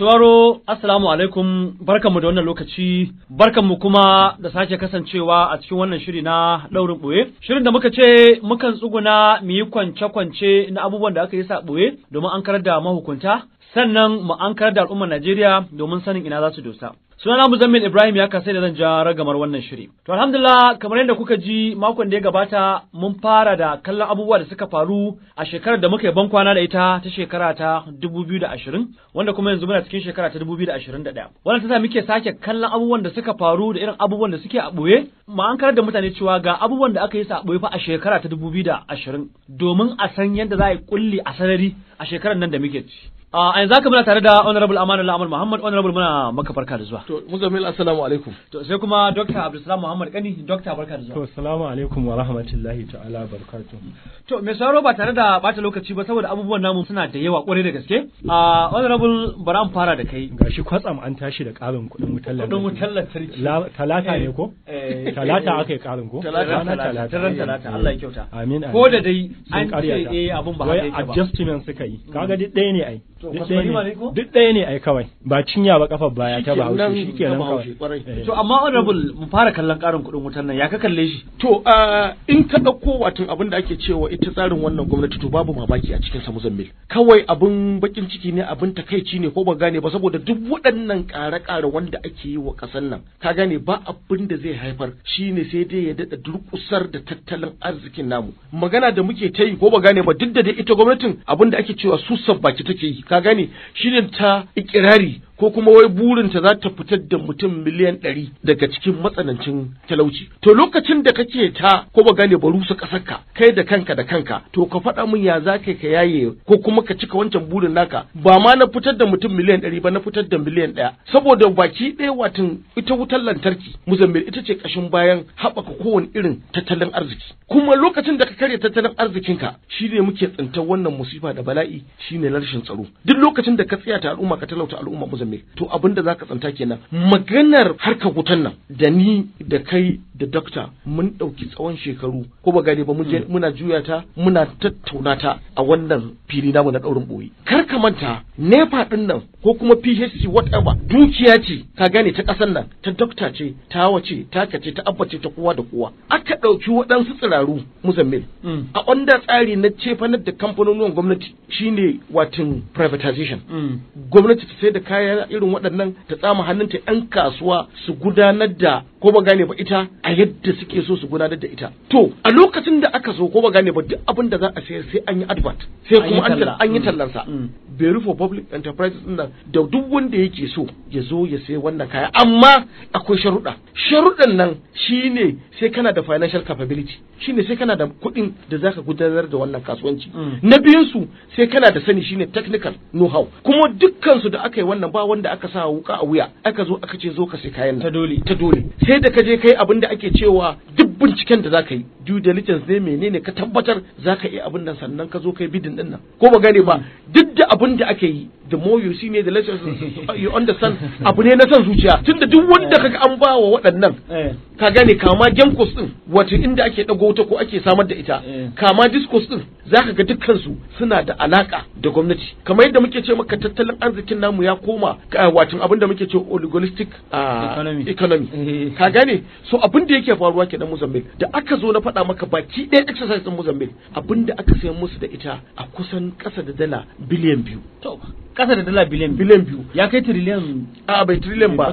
sauraro assalamu alaikum barkanmu da wannan lokaci barkanmu kuma da sake kasancewa a cikin wannan shiri na daurin boye shirin da muka ce mukan tsuguna mu yi kwance kwance na abubuwan da aka yi sa boye domin an karar da mahukunta sannan mu an karar da al'ummar Najeriya domin sanin ina za su dosa sunana muzammil ibrahim ya kasai da zan ja ragamar wannan shiri to alhamdulillah kamar yadda kuka ji makon da ya gabata mun fara da kallon abubuwa da suka faru a shekarar da muka yi bankwana da ita ta shekara ta 2020 wanda kuma yanzu muna cikin shekara ta 2021 wannan tasa muke sake kallon abubuwan da suka faru da irin abubuwan da suke a boye ma an karar da mutane cewa ga abubuwan da aka yi sa a ɓoye fa a shekara ta 2020 domin a san yadda za a yi kulli a sarari a shekarar nan da muke ci a yanzu ka muna tare da honorable amanu la'amar muhammad honorable muna maka farka da zuwa to muzamil assalamu alaikum to sai kuma dr abdulsalam muhammad kani dr barka da zuwa to assalamu alaikum wa rahmatullahi ta'ala barkatu to me sauraro ba tare da bata lokaci ba saboda abubuwan namu suna da yawa kwarai da gaske a honorable bara an fara da kai gashi kwatsam an tashi da ƙarin kuɗin wutar lantarki kuɗin wutar lantarki talata ne ko eh, eh, eh. talata aka yi ƙarin ko talata talata talata Allah ya kyauta amin ko da dai an ce eh abun ba haka yake ba adjustment suka yi kaga duk ɗaya ne ai duk ɗaya ne ai kawai ba cinya ba ba baya ta ba haushi shikenan kawai eh. to amma honorable mu fara kallon karin kuɗin wutar nan ya ka kalle shi to in ka ɗauko watan abin da ake cewa ita tsarin wannan gwamnati to babu mamaki a cikin sa muzammil kawai abin bakin ciki ne abin takaici ne ko ba gane ba saboda duk waɗannan ƙare-ƙare wanda ake yi wa ƙasar nan ka gane ba abin da zai haifar shine sai dai ya daɗa durƙusar da tattalin arzikin namu magana da muke ta yi ko ba gane ba duk da dai ita gwamnatin abin da ake cewa su baki take yi ka gane shine ta ikirari ko kuma wai burinta za ta fitar da mutum miliyan ɗari daga cikin matsanancin talauci. To lokacin da kake ta ko ba gane baru su ƙasarka kai da kanka da kanka to ka faɗa min ya za ka yaye ko kuma ka cika wancan burin naka ba ma na fitar da mutum miliyan ɗari ba na fitar da miliyan ɗaya saboda baki ɗaya watan ita wutar lantarki muzammil ita ce ƙashin bayan haɓaka kowane irin tattalin arziki. Kuma lokacin da ka karya tattalin arzikinka shi ne muke tsintar wannan musifa da bala'i shi ne rashin tsaro. Duk lokacin da ka tsaya ta al'umma ka talauta al'umma to abin da zaka tsanta kenan maganar harkar wutan nan da ni da kai da dokta mun ɗauki tsawon shekaru ko ba gane ba muna juya ta muna tattauna ta a wannan fili namu na ɗaurin ɓoye kar ka manta nepa ɗin nan ko kuma phc whatever dukiya ce ka gane ta kasan nan ta dokta ce ta wace ta kace ta abba ta kowa da kowa aka ɗauki waɗansu tsiraru muzammil mm. a wanda tsari na cefanar da kamfanonin gwamnati shine watin privatization mm. gwamnati ta sai da kayan ta irin waɗannan ta tsama hannunta ɗan kasuwa su gudanar da ko ba gane ba ita a yadda suke so su gudanar da ita to a lokacin da aka so ko ba gane ba duk abin da za a sayar sai an yi advert sai kuma an yi tallansa mm. bai for public enterprises din da duk wanda yake so ya zo ya sayi wannan kaya amma akwai sharuɗa sharuɗan nan shine sai kana da financial capability shine sai kana da kuɗin da zaka gudanar da wannan kasuwanci mm. na biyun su sai kana da sani shine technical know how kuma dukkan su da aka yi wannan ba wanda aka sa wuka a wuya aka zo aka ce zo ka sai kayan ta dole ta dole sai da ka je kai abin da ake cewa duk binciken da zaka yi due diligence ne menene ka tabbatar zaka iya abin nan sannan ka zo kai bidin din nan ko ba gane ba duk da abin da ake yi the more you see ne the less you understand abu ne na san zuciya tunda duk wanda kaga an ba wa waɗannan eh. ka gane kama gemcos din wato inda ake dago ta ko ake samar da ita eh. kama discos din zaka ga dukkan suna da alaka da gwamnati kamar yadda muke ce maka tattalin arzikin namu ya koma wato abin da muke ce oligolistic ah, economy eh. ka gane so abin da yake faruwa kenan mu Mozambique da aka zo na faɗa maka baki ɗaya exercise ɗin Mozambique abinda aka sayan musu da ita a kusan ƙasa da dala biliyan biyu. kasa da dala biliyan biliyan biyu ya kai triliyan a bai triliyan ba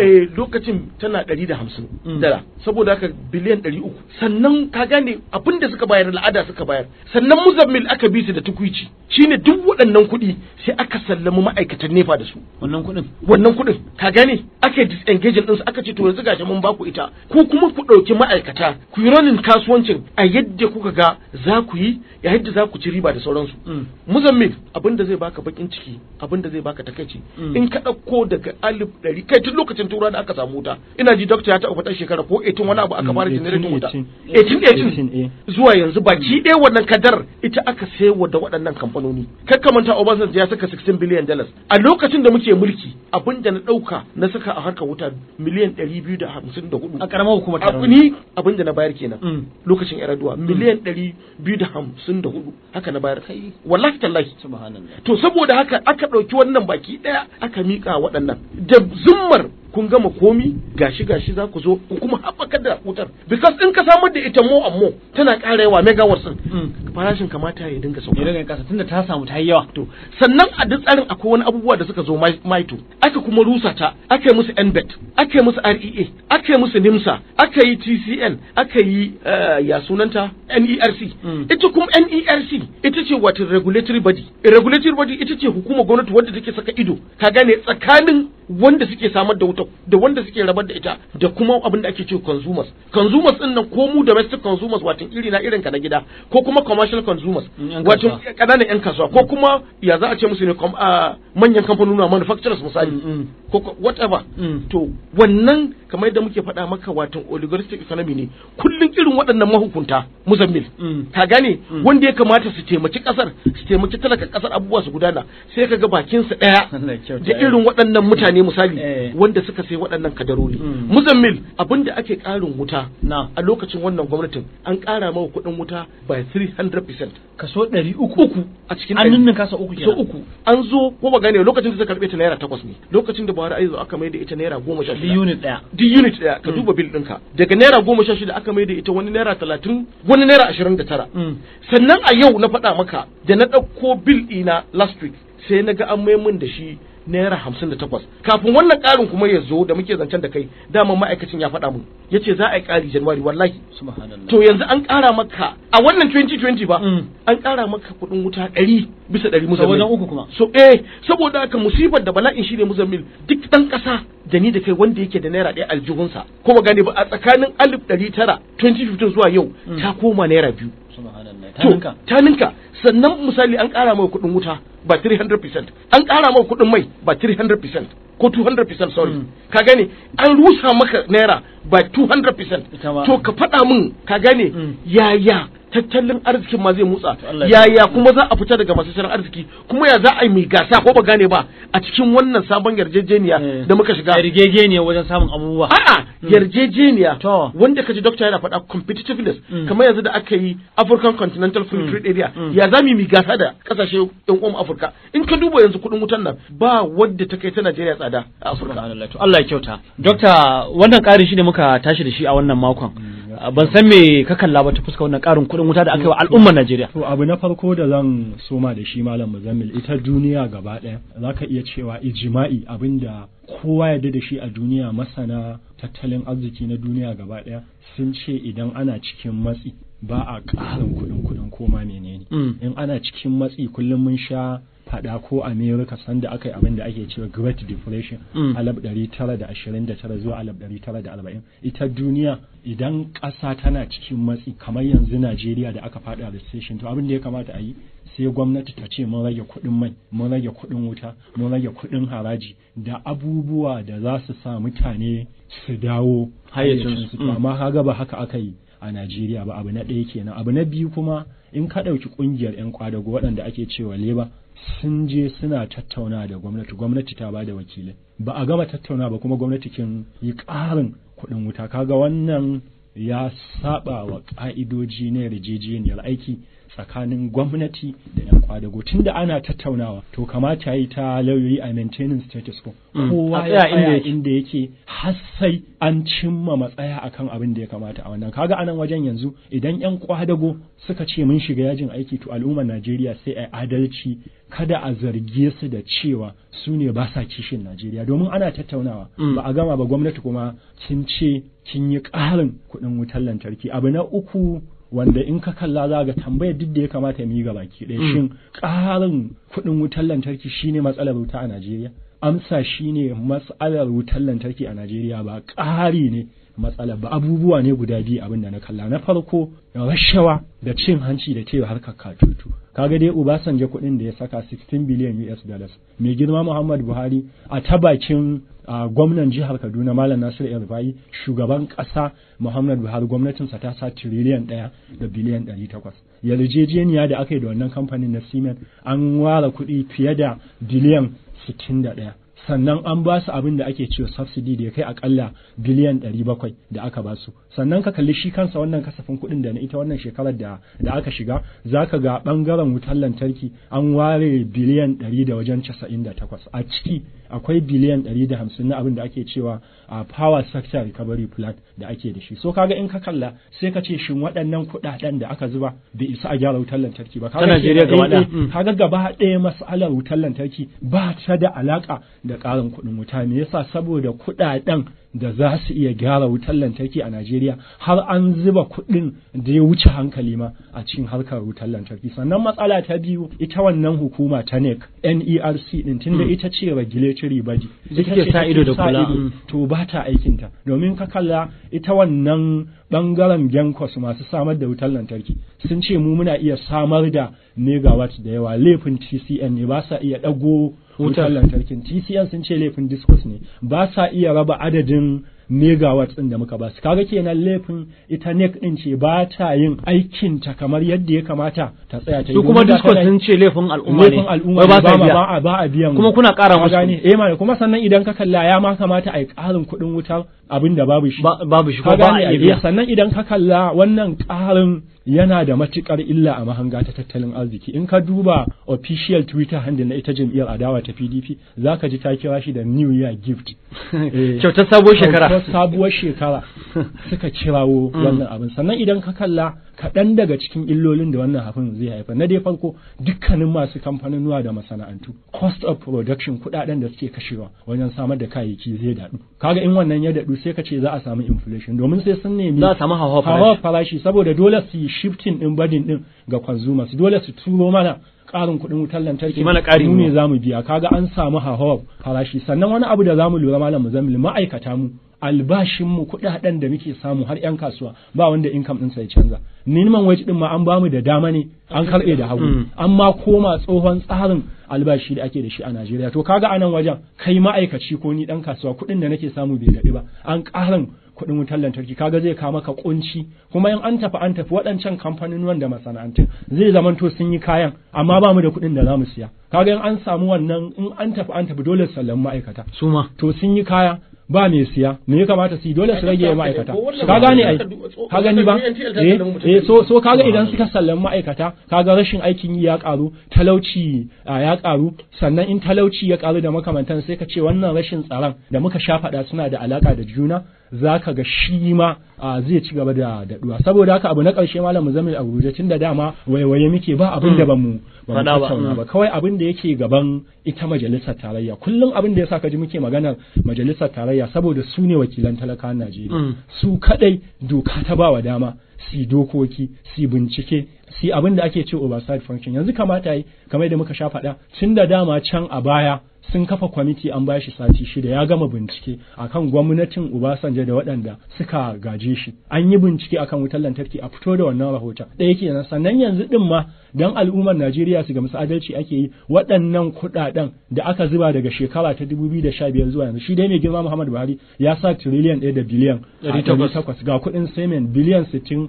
eh lokacin tana 150 mm. dala saboda haka biliyan 300 sannan ka gane abin suka bayar al'ada suka bayar sannan muzammil aka bi su da tukuici shine duk waɗannan kuɗi sai aka sallama ma'aikatan nefa da su wannan kuɗin wannan kuɗin ka gane aka disengage din su aka ce to yanzu gashi mun ku ita ku kuma ku ɗauki ma'aikata ku yi ranin kasuwancin a yadda kuka ga za ku yi ya yadda za ku ci riba da sauransu mm. muzammil abin da zai baka bakin ciki abin da zai baka takaici mm. in ka ɗauko daga alif ɗari kai tun lokacin tura da aka samu wuta ina ji doctor ya taɓa faɗar shekara ko 18 wani abu aka fara generator wuta 18 eh. zuwa yanzu ba ki ɗaya wannan kadar ita aka sayarwa da waɗannan kamfanoni kakkamanta Obasanjo ya saka 16 billion dollars a lokacin da muke mulki abin da na ɗauka na saka a harkar wuta miliyan 254 a ƙaramar hukumar tarayya ni abin da na bayar kenan mm. lokacin Yar'adua mm. miliyan 254 haka na bayar wallahi tallahi subhanallah to saboda haka aka ɗauki wannan baki ɗaya aka miƙa waɗannan da zummar kun gama komi gashi gashi za ku zo ku kuma haɓaka da wutar because in ka samar da ita mo ammo tana ƙara yawa megawatts din hmm. farashin kamata ya dinga sauka ya dinga kasa tunda ta samu ta yi yawa to sannan a duk tsarin akwai wani abubuwa da suka zo maito aka kuma rusa ta aka yi musu nbet aka yi musu rea aka yi musu nimsa aka yi tcn aka yi eh, ya sunanta nerc hmm. ita kuma nerc ita ce wata regulatory body regulatory body ita ce hukumar gwamnati wanda take saka ido ka gane tsakanin wanda suke samar da wuta da wanda suke rabar da ita da kuma abin da ake ce consumers consumers din nan ko mu domestic consumers wato iri na irin ka na gida ko kuma commercial consumers mm, wato kananan yan kasuwa ko kuma ya za a ce musu ne ah, manyan kamfanonin manufacturers misali mm, mm. ko whatever to wannan kamar yadda muke faɗa maka wato oligarchic economy ne kullum irin waɗannan mahukunta muzammil ka gane wanda ya kamata su taimaki kasar su taimaki talaka kasar abubuwa su gudana sai ka ga bakin su daya da irin waɗannan mutane misali eh. wanda suka sai waɗannan kadaroli hmm. muzammil da ake ƙarin wuta a lokacin wannan gwamnatin an ƙara mawa kuɗin wuta by 300% kaso 300 uku a cikin an nuna kasa uku kenan uku an zo ko ba gane lokacin da suka karbe ta naira 8 ne lokacin da Buhari zo aka maida ita naira 16 di unit daya di unit daya ka hmm. duba bill ɗinka daga naira 16 aka maida ita wani naira 30 wani naira 29 hmm. sannan a yau na faɗa maka da na ɗauko bill ɗina last week sai na ga an maimun da shi naira hamsin da takwas kafin wannan karin kuma ya zo da muke zancen da kai daman ma'aikacin ya faɗa mun ya ce za a yi ƙari januwari wallahi to yanzu an ƙara maka a wannan 2020 ba mm. an ƙara maka kuɗin wuta ɗari bisa ɗari musamman uku kuma so eh saboda haka musibar da bala'in shi ne musamman duk ɗan ƙasa da ni da kai wanda yake da naira ɗaya aljihunsa kuma gane ba a tsakanin alif ɗari tara 2015 zuwa yau mm. ta koma naira biyu ta ninka sannan misali an ƙara mai kuɗin wuta ba 300% an ƙara mai kuɗin mai ba 300% ko 200% sorry hmm. ka gane an rusa maka naira ba 200% to ka faɗa min ka gane hmm. yaya tattalin arzikin ma zai motsa yaya kuma za a fita daga masu tattalin arziki kuma ya za a yi mai gasa ko ba gane ba a cikin wannan sabon yarjejeniya eh. da muka shiga yarjejeniya wajen samun abubuwa a'a hmm. yarjejeniya wanda kaji doctor yana faɗa competitiveness hmm. kamar yanzu da aka yi African Continental Free hmm. Trade Area ya za mu yi gasa da kasashe yan uwan Afirka in ka duba yanzu kuɗin wutan nan ba wadda ta kai ta Najeriya tsada a Afirka Allah ya kyauta doctor wannan ƙarin shi ne muka tashi da shi a wannan makon ban san me ka kalla ba ta fuska wannan karin kuɗin wuta da aka yi wa al'ummar Najeriya to abu na farko da zan soma da shi malam Muzammil ita duniya gaba ɗaya zaka iya cewa ijma'i abinda kowa ya da shi a duniya masana tattalin arziki na duniya gaba ɗaya sun ce idan ana cikin matsi ba a ƙarin kuɗin kuɗin koma menene mm. in ana cikin matsi kullum mun sha faɗa ko america sanda aka yi abin da ake cewa great depression mm. alaf ɗari tara da ashirin zuwa alaf ɗari tara ita duniya idan ƙasa tana cikin matsi kamar yanzu najeriya da aka faɗa recession to abin da ya kamata a yi sai gwamnati ta ce mun rage kuɗin mai mun rage kuɗin wuta mun rage kuɗin haraji da abubuwa da za su sa mutane su dawo hayyacinsu amma kaga ba haka aka yi a Najeriya ba abu na ɗaya kenan abu na biyu kuma in ka ɗauki ƙungiyar 'yan kwadago waɗanda ake cewa leba sun je suna tattauna da gwamnati gwamnati ta bada wakilai ba a gama tattauna ba kuma gwamnati kin yi ƙarin kuɗin wuta kaga wannan ya saba wa ƙa'idoji na yarjejeniyar aiki tsakanin gwamnati da 'yan kwadago tun da ana tattaunawa to kamata yi ta lauyoyi a maintaining status quo mm. kowa ya tsaya inda yake Hassai. an cimma matsaya akan abin da ya kamata a wannan kaga anan wajen yanzu idan 'yan kwadago suka ce mun shiga yajin aiki to al'ummar Najeriya sai a adalci kada a zarge su da cewa su ne ba sa kishin Najeriya domin ana tattaunawa mm. ba a gama ba gwamnati kuma Sun ce kin yi ƙarin kuɗin wutar lantarki abu na uku wanda in ka kalla za ga tambayar duk da ya kamata mu yi gaba ki ɗaya mm. shin ƙarin kuɗin wutar lantarki shine matsalar wuta a Najeriya amsa shine matsalar wutar lantarki a Najeriya ba ƙari ne matsala ba abubuwa ne guda biyu abin da na kalla na farko rashawa da cin hanci da cewa harkar katutu kaga dai Obasanjo kuɗin da ya saka 16 billion US dollars mai girma Muhammad Buhari a tabakin gwamnan jihar Kaduna Malam Nasir Erfayi shugaban ƙasa Muhammad Buhari gwamnatinsa ta sa tiriliyan ɗaya da biliyan ɗari takwas yarjejeniya da aka yi da wannan kamfanin na Siemens an ware kuɗi fiye da biliyan 61 sannan an ba su abin da ake cewa subsidy da ya kai akalla biliyan 700 da aka ba su sannan ka kalli shi kansa wannan kasafin kuɗin da na ita wannan shekarar da da aka shiga zaka ga bangaren wutar lantarki an ware biliyan 100 da wajen 98 a ciki akwai biliyan 150 na abin da ake cewa a power sector recovery plan da ake da shi so kaga in ka kalla sai ka ce shin waɗannan kuɗaɗen da aka zuba bai isa a gyara wutar lantarki ba kaga Najeriya eh, eh, gaba ɗaya kaga gaba mas'alar wutar lantarki ba ta da alaka da ƙarin kuɗin wuta me yasa saboda kuɗaɗen da za su iya gyara wutar lantarki a Najeriya har an zuba kuɗin da ya wuce hankali ma a cikin harkar wutar lantarki sannan matsala ta biyu ita wannan hukuma ta NEC NERC din tunda hmm. ita ce regulatory body ita ce sa ido da kula to ba ta aikin ta domin ka kalla ita wannan bangaren Gencos masu samar da wutar lantarki sun ce mu muna iya samar da megawatt da yawa laifin TCN ne ba sa iya dago wutar lantarkin TCN sun ce laifin discos ne ba sa iya raba adadin megawatts din da muka ba su kaga kenan laifin ita nek din ce ba ta yin aikin ta kamar yadda ya kamata ta tsaya ta yi kuma discos sun ce laifin al'umma ne al'umma ba a biya ba a biya. kuma kuna ƙara musu eh ma kuma sannan idan ka kalla ya ma kamata a yi ƙarin kuɗin wutar abin da babu shi babu shi ko ba a biya. sannan idan ka kalla wannan ƙarin yana da matukar illa a mahanga ta tattalin arziki in ka duba official twitter handle na ita jam'iyyar adawa ta pdp za ka ji ta kira shi da new year gift kyautar eh, sabuwar shekara kyautar sabuwar shekara suka kirawo mm. wannan abin sannan idan ka kalla kaɗan daga cikin illolin da wannan abin zai haifar na dai farko dukkanin masu kamfanin nuwa da masana'antu cost of production kuɗaɗen da suke kashewa wajen samar da kayayyaki zai daɗu kaga in wannan ya daɗu sai ka ce za a samu inflation domin sai sun nemi za a samu hawa farashi saboda dole su yi shifting din badin din ga consumers dole su turo mana ƙarin kuɗin wutar lantarki mana ƙari mu ne zamu biya kaga an samu hawa farashi sannan wani abu da zamu lura malam muzammil ma'aikata mu albashin mu kuɗaɗen da muke samu har yan kasuwa ba wanda income din sai canza minimum wage din ma an bamu da dama ne an karɓe da hagu mm. an ma koma tsohon tsarin albashi da ake da shi a Najeriya to kaga anan wajen kai ma'aikaci ko ni dan kasuwa kuɗin da nake samu bai daɗi ba an ƙarin kuɗin wutar lantarki kaga zai kawo maka kunci kuma in an tafi an tafi waɗancan kamfanin wanda masana'antun zai zamanto sun yi kayan amma ba mu da kuɗin da za mu siya kaga in an samu wannan in an tafi an tafi dole sallan ma'aikata su to sun yi kaya ba mai siya me ya kamata su yi dole su rage ma'aikata ka gane ai ka gani ba eh, eh so so kaga idan suka sallami ma'aikata kaga rashin aikin yi ya karu talauci ya karu sannan in talauci ya karu da makamantan sai ka ce wannan rashin tsaron da muka sha faɗa suna da alaka da juna zaka ga shi ma zai ci gaba da daduwa saboda haka abu na karshe malam muzammil abu da tunda dama waiwaye muke ba abin da mm. mu. faɗa ba ba mm. kawai abin da yake gaban ita majalisar tarayya kullum abin da ya sa ka ji muke maganar majalisar tarayya saboda su ne wakilan talakawan Najeriya mm. su kadai doka ta bawa dama si dokoki si bincike si abin da ake ce oversight function yanzu kamata yi kamar da muka sha faɗa tun da dama can a baya sun kafa kwamiti an ba shi sati shida ya gama bincike akan gwamnatin Obasanjo da waɗanda suka gaje shi an yi bincike akan wutar lantarki a fito da wannan rahoton ɗaya nan sannan yanzu din ma dan al'ummar Najeriya su gamsu adalci ake yi waɗannan kuɗaɗen da aka zuba daga shekara ta 2015 zuwa yanzu shi dai mai girma Muhammad Buhari ya sa tiriliyan ɗaya da biliyan 800 ga kuɗin semen biliyan 61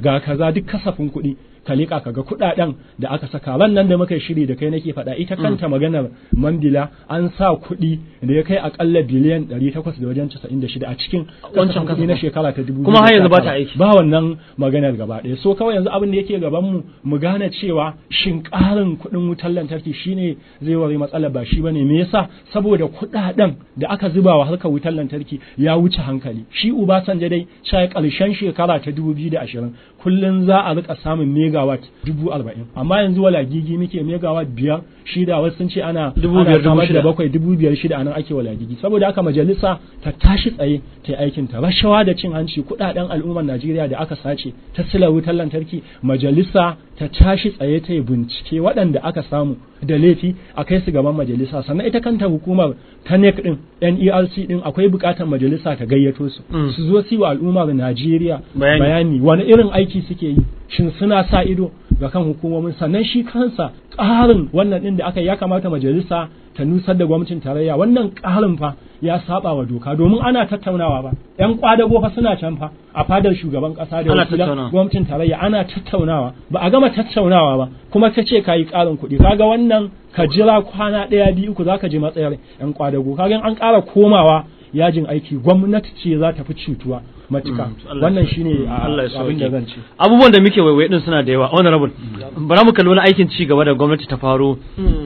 ga kaza duk kasafin kuɗi kalika kaga ka kuɗaɗen da aka saka ran nan da muka shiri da kai nake faɗa ita kanta maganar mambila an sa kuɗi da ya kai akalla biliyan 800 da wajen 96 a cikin wancan kuɗi na shekara ta 2000 kuma har yanzu ba ta aiki ba wannan maganar gaba ɗaya so kawai yanzu abin da yake gaban mu mu gane cewa shin ƙarin kuɗin wutar lantarki shine zai ware matsalar ba shi bane me yasa saboda kudaden da aka zuba wa harkar wutar lantarki ya wuce hankali shi sanje dai sai karshen shekara ta 2020 kullun za a rika samun mega megawatt dubu arba'in amma yanzu wala gigi muke megawatt biyar shida wasu sun ce ana dubu biyar dubu shida bakwai dubu anan ake wala gigi saboda aka majalisa ta tashi tsaye ta yi aikin ta rashawa da cin hanci kuɗaɗen al'ummar Najeriya da aka sace ta sila wutar lantarki majalisa ta tashi tsaye ta yi bincike waɗanda aka samu da laifi a kai su gaban majalisa sannan ita kanta hukumar ta nec din NERC din akwai bukatar majalisa ta gayyato su mm. su zo su wa al'ummar Najeriya bayani wani irin aiki suke yi shin suna sa ido ga kan hukumomin sannan shi kansa ƙarin wannan ɗin da aka ya kamata majalisa ta nusar da gwamnatin tarayya wannan ƙarin fa ya saba wa doka domin ana tattaunawa ba yan kwadago fa suna can fa a fadar shugaban ƙasa da wakilan gwamnatin tarayya ana tattaunawa ba a gama tattaunawa ba kuma ta ce kayi ƙarin kuɗi kaga wannan ka jira kwana ɗaya biyu uku ka je matsayar yan kwadago kaga an ƙara komawa yajin aiki gwamnati ce za ta fi cutuwa matuka mm, wannan shine mm, abin da zan ce abubuwan da muke waiwai din suna da yawa honorable mm. bara mu kalli wani aikin ci gaba da gwamnati ta faro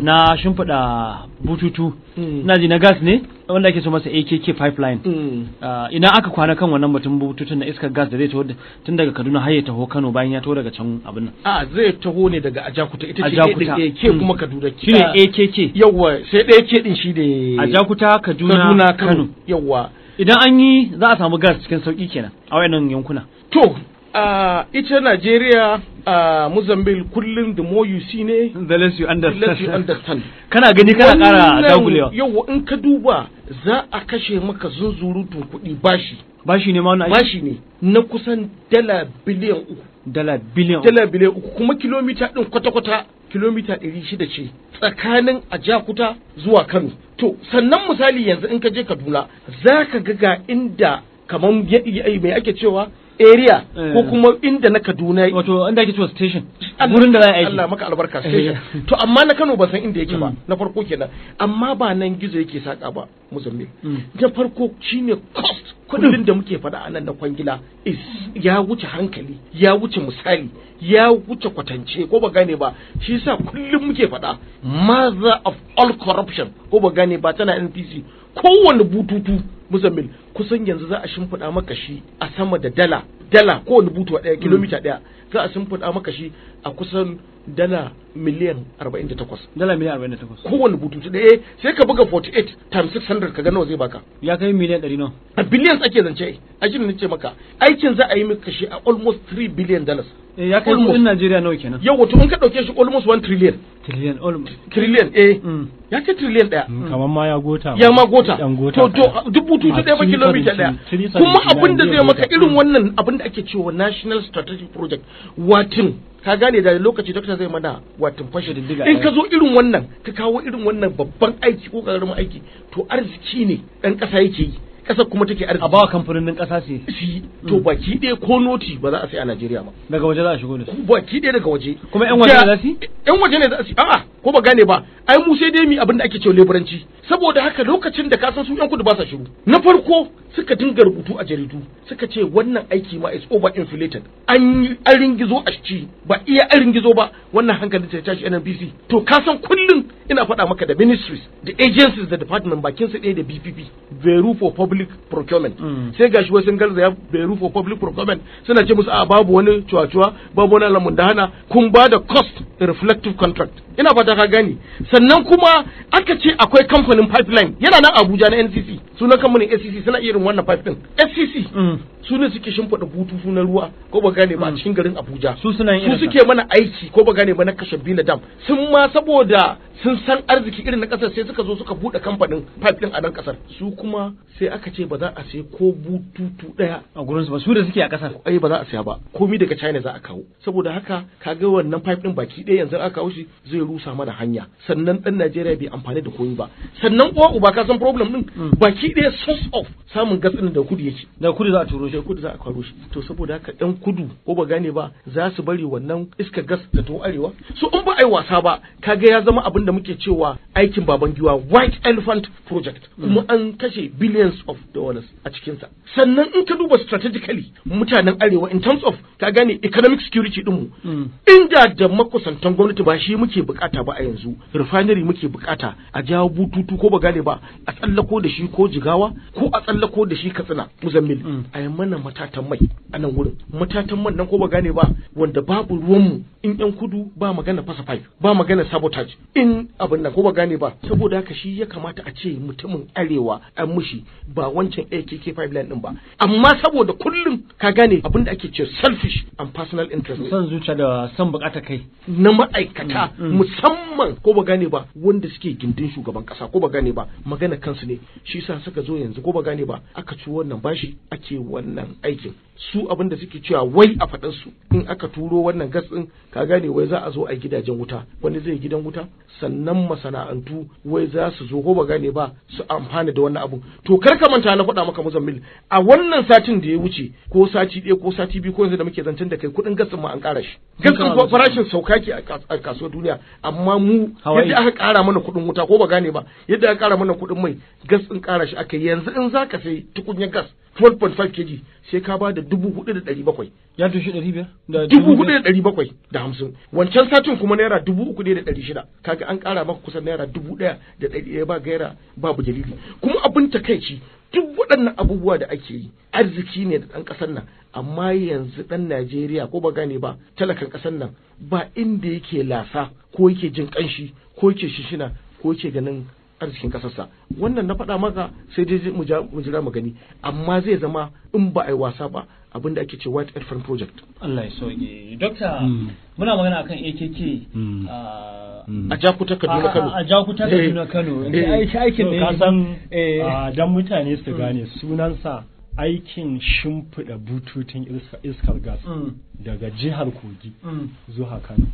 na shimfiɗa bututu ina ji na gas ne wanda ake so masa AKK pipeline uh, ina aka kwana kan wannan batun bututun na iskar gas da zai taho tun daga Kaduna har ya taho Kano bayan ya taho daga can abin nan a ah, zai taho ne daga Ajakuta ita ce AKK kuma Kaduna shine AKK ah. yawa sai da ke din shi da Ajakuta Kaduna Kano yawa idan an yi za a samu gas cikin sauki kenan a wayannan yankuna to a ita Najeriya a Mozambique kullum the more you see ne the less you understand, less you understand. kana gani kana kara dagulewa yau in ka duba za a kashe maka zunzurutun kuɗi bashi bashi ne ma wani bashi ne na kusan dala biliyan uku dala biliyan dala biliyan uku kuma kilomita din kwata-kwata kilomita 600 ce tsakanin ajakuta zuwa kano to sannan misali yanzu in ka je kaduna za ka ga ga inda kamar mai ake cewa area ko eh. kuma inda na kaduna wato inda ake cewa station wurin da za a yi Allah maka albarka eh. station to amma na kano ban san inda yake ba hmm. na farko kenan amma ba nan gizo yake saka ba muzamme hmm. na farko shine cost kudin da muke faɗa a nan na kwangila is ya wuce hankali ya wuce misali ya wuce kwatance ko ba gane ba shi yasa kullum muke faɗa mother of all corruption ko ba gane ba tana NPC kowane bututu musamman kusan yanzu za a shimfiɗa maka shi a sama da dala dala kowane butu ɗaya mm. kilomita ɗaya za a shimfiɗa maka shi a kusan dala miliyan 48 dala miliyan 48 kowane bututu ɗaya sai ka buga 48 times 600 ka gano zai baka ya kai miliyan 100 nawa a biliyan ake zance a shi ne ce maka aikin za a yi maka shi a almost 3 billion dollars eh, ya kai kudin Najeriya nawa kenan yau wato in ka dauke shi almost 1 trillion trillion almost trillion eh mm. ya kai trillion daya mm, kamar ma ya gota ya ma gota to to dubu tutu ɗaya ba kilomita daya kuma abin da zai maka irin wannan abin da ake cewa national strategic project watin ka gane da lokaci dokta zai mana wato fashe diddiga in ka zo irin wannan ka kawo irin wannan babban aiki ko karamin aiki to arziki ne dan kasa yake yi kasa kuma take arziki a bawa kamfanin kasa ce to hmm. baki ɗaya ko noti ba za a sai a Najeriya ba daga waje za a shigo ne baki ɗaya daga waje kuma ƴan waje ne za su Ƴan waje ne za su a'a ko ba gane ba ai mu sai dai mi abin da ake cewa leburanci saboda haka lokacin da ka su yan kudu ba sa shiru na farko suka dinga rubutu a jaridu suka ce wannan aiki ma is over inflated an an ringizo a shi ba iya an ringizo ba wannan hankalin ta tashi NNPC to kasan san kullun ina faɗa maka da ministries da agencies da department bakin su ɗaya da BPP Bureau for Public Procurement hmm. sai gashi wasu galza ya Bureau for Public Procurement suna ce musu a babu wani cuwa-cuwa babu wani lamun da hana kun ba da cost reflective contract ina fata ka gani sannan kuma aka ce akwai kamfanin pipeline yana nan Abuja na NCC sunan kamfanin SCC suna irin wannan pipeline SCC su ne suke shimfiɗa bututu na ruwa ko ba gane ba a mm. cikin garin Abuja su suna yin su suke mana aiki ko ba gane ba na kashe Bila Dam sun ma saboda sun san arziki irin na kasar sai suka zo suka buɗe kamfanin pipe din a nan kasar su kuma sai aka ce ba za a sai ko bututu daya a gurin su ba su da suke a kasar ai ba za a saya ba komi daga China za a kawo saboda haka kaga wannan pipe din baki ɗaya yanzu aka kawo shi zai rusa mana hanya sannan dan Najeriya bai amfani da komi ba sannan uwa uba ka san problem din mm. baki daya source of samun gas da kudi yake da kudi za a turo shi daga kudu za a kwaro shi to saboda haka ɗan kudu ko ba gane ba za su bari wannan iska gas da taho arewa so in ba a yi wasa ba kaga ya zama abin da muke cewa aikin baban giwa white elephant project kuma an kashe billions of dollars a cikinsa sannan in ka duba strategically mutanen arewa in terms of ka gane economic security mu. Mm. inda da makusantan gwamnati ba shi muke bukata ba a yanzu refinery muke bukata a jawo bututu ko ba gane ba a tsallako da shi ko jigawa ko a tsallako da shi katsina muzammil mm. a mana matatan mai a nan wurin matatan man nan ko ba gane ba wanda babu ruwanmu in yan kudu ba magana fasa five ba magana sabotage in abin nan ko ba gane ba saboda haka shi ya kamata a ce mutumin arewa an mushi ba wancan AKK pipeline din ba amma saboda kullum ka gane abin da ake ce selfish and personal interest san zuciya da san bukata kai na ma'aikata mm, mm. musamman ko ba gane ba wanda suke gindin shugaban kasa ko ba gane ba magana kansu ne shi yasa suka zo yanzu ko ba gane ba aka ci wannan bashi ake wannan wannan aikin su abin da suke cewa wai a faɗar su in aka turo wannan gas ɗin ka gane wai za a zo a gidajen wuta wani zai gidan wuta sannan masana'antu wai za su zo ko ba gane ba su amfana da wannan abun to kar ka manta na faɗa maka muzammil a wannan satin da ya wuce ko sati ɗaya ko sati biyu ko yanzu da muke zancen da kai kuɗin gas ma an ƙara shi gas ɗin farashin sauka ke a kasuwar duniya amma mu yadda aka ƙara mana kuɗin wuta ko ba gane ba yadda aka ƙara mana kuɗin mai gas ɗin ƙara shi aka yanzu in za ka sai tukunyar gas 4.5 kg sai ka ba da 4,700 ya biyar. dubu 4,750 da hamsin wancan satin kuma naira 3,600 kaga an kara maka kusan naira 1,100 ba gaira babu jariri. kuma abin takaici duk waɗannan abubuwa da ake yi arziki ne da ɗan ƙasar nan amma yanzu ɗan Najeriya ko ba gane ba talakan ƙasar nan ba inda yake lasa ko yake jin ƙanshi ko yake shishina ko yake ganin arzikin kasarsa wannan na faɗa maka sai dai mu jira mu gani amma zai zama in ba a yi wasa ba abin da ake ce white elephant project Allah ya soke dokta hmm. muna magana akan AKK hmm. ah, hmm. a jakuta Kaduna ah, Kano a jakuta eh. Kaduna Kano eh. aikin ne ka san eh. ah, dan mutane su gane sunansa aikin shimfida bututun iskar gas daga jihar Kogi zuwa Kano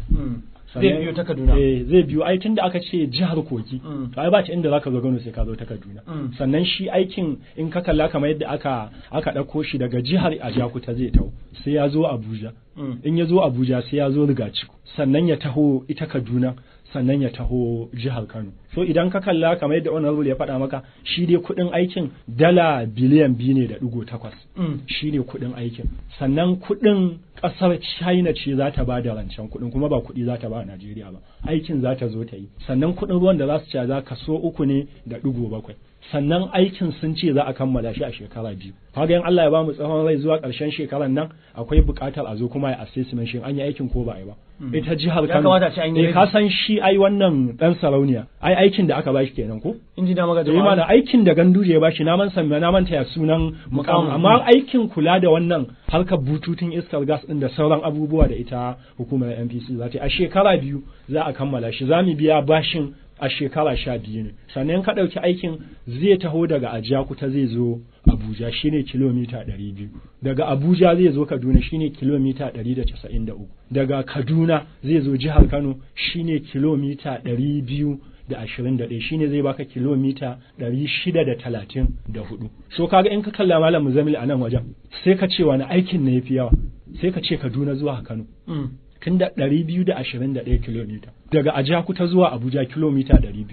zai biyo ta Kaduna eh zai biyo ai tunda aka ce jihar Kogi mm. to ai ba ta inda zaka zo gano sai ka zo ta Kaduna mm. sannan shi aikin in ka kalla kamar yadda aka aka dauko shi daga jihar Ajakuta zai taho sai ya zo Abuja mm. in ya zo Abuja sai ya zo Rigaciku sannan ya taho ita Kaduna sannan ya taho jihar Kano. So idan ka kalla kamar yadda honorable ya faɗa maka shi dai kuɗin aikin dala biliyan biyu ne da ɗigo takwas. Mm. Shi ne kuɗin aikin. Sannan kuɗin ƙasar China ce za ta ba da rancen kuɗin kuma ba kuɗi za ta ba a Najeriya ba. Aikin za ta zo ta yi. Sannan kuɗin ruwan da za su ci za kaso uku ne da ɗigo bakwai. sannan aikin sun ce za a kammala shi a shekara biyu kaga in Allah ya bamu tsawon rai zuwa ƙarshen shekaran nan akwai buƙatar a zo kuma ya assessment shi an yi aikin ko ba a yi ba hmm. ita jihar Kano eh ka san shi ai wannan dan sarauniya ai aikin da aka bashi kenan ko in ji na jama'a mana aikin da ganduje ya bashi na man san na man taya sunan mukamu amma aikin kula da wannan harkar bututun iskar gas din da sauran abubuwa da ita hukumar NPC za ta a shekara biyu za a kammala shi za mu biya bashin a shekara sha biyu ne sannan ka ɗauki aikin zai taho daga ajakuta zai zo abuja shine kilomita ɗari biyu daga abuja zai zo kaduna shine kilomita ɗari da casa'in da uku daga kaduna zai zo jihar kano shine kilomita ɗari biyu da ashirin da ɗaya shine zai baka kilomita ɗari shida da talatin da hudu so ka ga in ka kalla malam muzamil a nan wajen sai ka ce wani aikin ne ya fi yawa sai ka ce kaduna zuwa kano mm. da 221 kilomita daga Ajakuta zuwa Abuja kilomita 200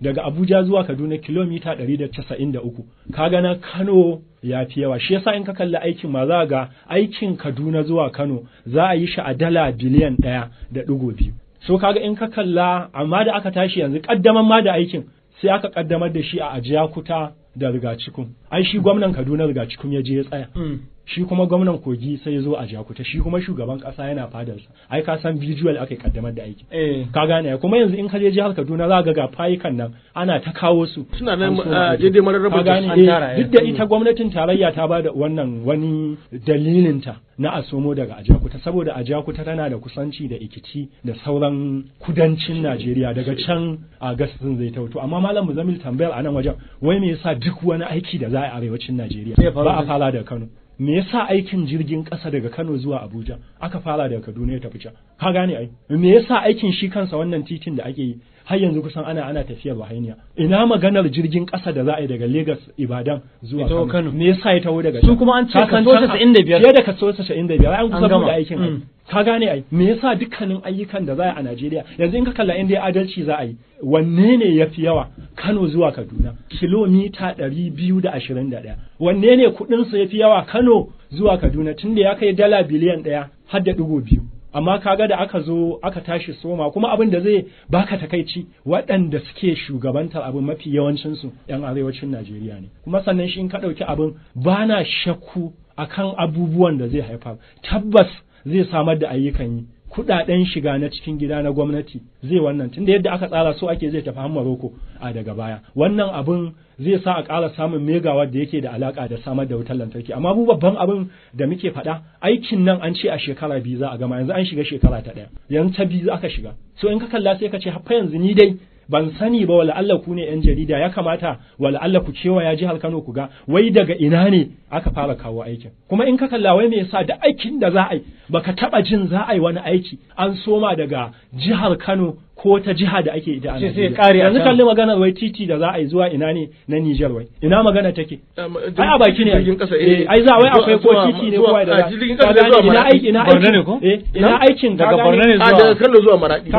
daga Abuja zuwa Kaduna kilomita 193 Ka na Kano ya fi yawa shi yasa in ka kalli aikin ma za ga aikin Kaduna zuwa Kano za a yi shi a dala biliyan ɗaya da ɗigo biyu so kaga in ka kalla amma da aka tashi yanzu kaddaman ma da aikin sai aka kaddamar da shi a Ajakuta da rigacikun ai shi gwamnan Kaduna rigacikun ya je ya tsaya hmm. shi kuma gwamnan kogi sai ya zo a jakuta shi kuma shugaban kasa yana fadarsa ai ka san visual aka kaddamar da aiki eh. ka gane kuma yanzu in ka je jihar Kaduna za ga ga fayikan nan ana ta kawo su suna nan daidai da eh, eh. duk da ita gwamnatin tarayya ta bada wannan wani dalilin ta na asomo daga ajakuta saboda ajakuta tana da kusanci da ikiti da sauran kudancin najeriya daga can a gasin zai tautu amma malam muzamil tambayar a nan wajen wai me yasa duk wani aiki da za a arewacin najeriya ba a fara da kano me yasa aikin jirgin ƙasa daga Kano zuwa Abuja aka fara daga Kaduna ya tafi can ka gane ai me yasa aikin shi kansa wannan titin da ake yi har yanzu kusan ana ana tafiyar wahainiya ina maganar jirgin ƙasa da za a yi daga Lagos Ibadan zuwa Kano me yasa ya taho daga su kuma an ce kaso 95 fiye da kaso 95 an kusa da aikin mm. ka gane ai me yasa dukkanin ayyukan da za a yi a Najeriya yanzu in ka kalla inda ya adalci za a yi wanne ne yafi yawa Kano zuwa Kaduna kilomita 221 wanne ne kuɗin su yafi yawa Kano zuwa Kaduna tunda ya kai dala biliyan 1 har da dubu biyu amma kaga da aka zo aka tashi soma kuma abin da zai baka takaici waɗanda suke shugabantar abin mafi yawancinsu 'yan arewacin Najeriya ne kuma sannan shi in ka ɗauki abin ba na shakku akan abubuwan da zai haifar tabbas zai samar da ayyukan yi Kuɗaɗen shiga na cikin gida na gwamnati zai wannan tunda yadda aka tsara so ake zai tafi Maroko a daga baya wannan abin zai sa a ƙara samun megawa da yake da alaka da samar da wutar lantarki amma bu babban abin da muke faɗa aikin nan an ce a shekara biyu za a gama yanzu an shiga shekara ta ɗaya yanzu ta biyu aka shiga so in ka kalla sai ka ce fa yanzu ni dai ban sani ba wala Allah ku ne yan jarida ya kamata wala Allah ku cewa ya jihar Kano ku ga wai daga ina ne aka fara kawo aikin kuma in ka kalla wai me yasa da aikin da za a yi baka taba jin za a yi wani aiki an soma daga jihar Kano ko ta jiha da ake ita a Najeriya yanzu kalli magana wai titi da za a yi zuwa ina ne na Niger wai ina magana take ai a baki ne eh. Eh, ai za wai akwai ko titi ne ko da ina aiki ina aiki eh, ina aikin daga Borno ne ah, zuwa daga Kano zuwa Maradi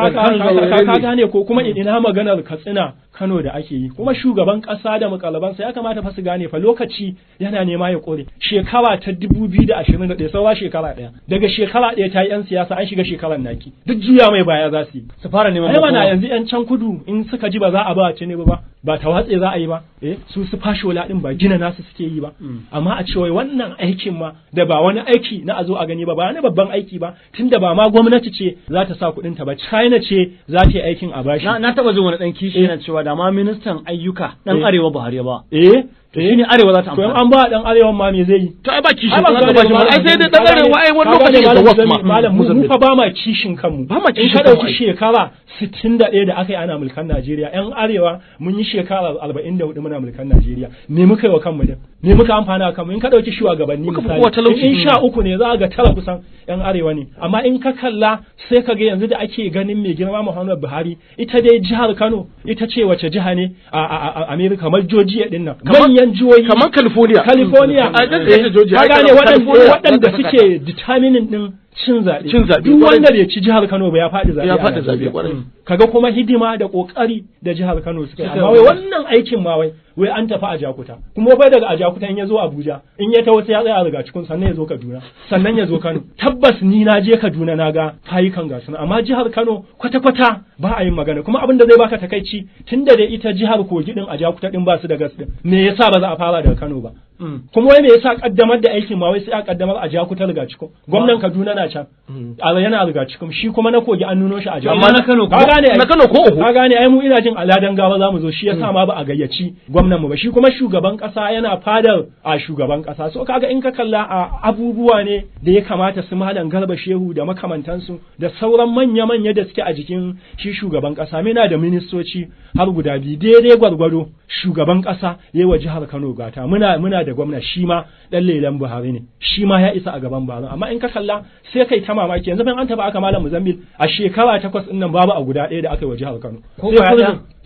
ka gane ko kuma ina magana Katsina Kano da ake yi kuma shugaban kasa da makalabansa ya kamata fa su gane fa lokaci yana nema ya kore shekara ta 2021 saura shekara daya daga shekara daya ta yi yan siyasa an shiga shekaran naki duk juya mai baya za su yi su fara neman ai na yanzu yan can kudu in suka ji ba za a ba a ne ba ba ta watse za a yi ba eh su su wala din ba gina nasu suke yi ba mm. amma a cewa wannan aikin ma da ba wani aiki na a zo a gani ba ba ne babban aiki ba tunda ba ma gwamnati ce za ta sa kuɗin ta ba China ce za ta yi aikin a bashi na taba jin wani dan kishi eh. na cewa da ma ministan ayyuka dan eh. arewa Buhari ba eh to ne arewa za ta amfana to an ba dan arewa ma me zai yi to ai ba kishin ba ba shi ai sai dai dan arewa ai wani lokaci da wasu malam mu fa ba ma kishin kanmu ba ma kishin kanmu dauki shekara 61 da aka yi ana mulkan Najeriya yan arewa mun yi shekara 44 muna mulkan Najeriya me muka yi wa kanmu din me muka amfana kanmu in ka dauki gabanni misali in sha uku ne za ga tara kusan yan arewa ne amma in ka kalla sai ka ga yanzu da ake ganin mai girma Muhammadu Buhari ita dai jihar Kano ita ce wace jiha ne a America kamar Georgia din nan manyan jihohi kamar California California a eh, ka gane waɗanda suke determining din cin zaɓe cin zaɓe duk wanda ya ci jihar Kano ba ya faɗi zaɓe ya faɗi zaɓe kwarai kaga kuma hidima da kokari da jihar Kano suka yi amma wai wannan aikin ma wai wai an tafi Jakuta kuma bai daga a jakuta in ya zo Abuja in ya ta wata ya tsaya a riga cikin sannan ya zo Kaduna sannan ya zo Kano tabbas ni na je Kaduna na ga ga gasu amma jihar Kano kwata kwata ba a yin magana kuma abin da zai baka takaici tunda da ita jihar Kogi din jakuta din ba su da gas me yasa ba za a fara daga Kano ba mm. kuma wai me yasa kaddamar da aikin ma wai sai a kaddamar a Jakuta riga cikin gwamnan Kaduna na can mm. yana riga cikin shi kuma na Kogi an nuno shi a Jakuta amma na Kano ko na Kano ko ka gane ai mu ina jin aladan gawa zamu zo shi yasa mm. ma ba a gayyaci gwamnati gwamnan mu ba shi kuma shugaban kasa yana fadar a shugaban kasa so kaga in ka kalla a abubuwa ne da ya kamata su malam garba shehu da makamantansu da sauran manya manya da suke a jikin shi shugaban kasa muna da ministoci har guda biyu daidai gwargwado shugaban ƙasa ya yi wa jihar Kano gata muna muna da gwamna shi ma dan lelan Buhari ne shi ma ya isa a gaban Buhari amma in ka kalla sai kai ta mamaki yanzu ban an taba aka malam Muzammil a shekara takwas din nan babu a guda ɗaya da aka yi wa jihar Kano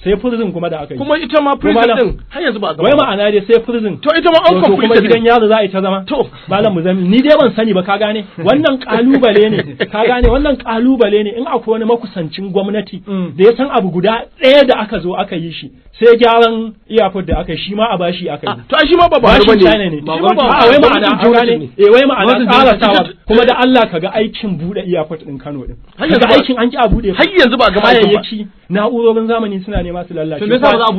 sai prison kuma da aka yi kuma ita ma prison din har yanzu ba a gaba wai ma'ana dai sai prison to ita ma an kuma kuma gidan yaro za a yi ta zama to malam Muzammil ni dai ban sani ba ka gane wannan kalubale ne ka gane wannan kalubale ne in akwai wani makusancin gwamnati mm. da ya san abu guda ɗaya da aka zo aka yi shi sai gyaran wannan da aka shi ma a bashi aka yi ah, to shi ma ba ba shi ne ba wai ma'ana a gane eh wai ma'ana tawa kuma da Allah kaga aikin bude airport din Kano din kaga aikin an ki a bude har yanzu ba gaba yaki na'urorin zamani suna nema su lallace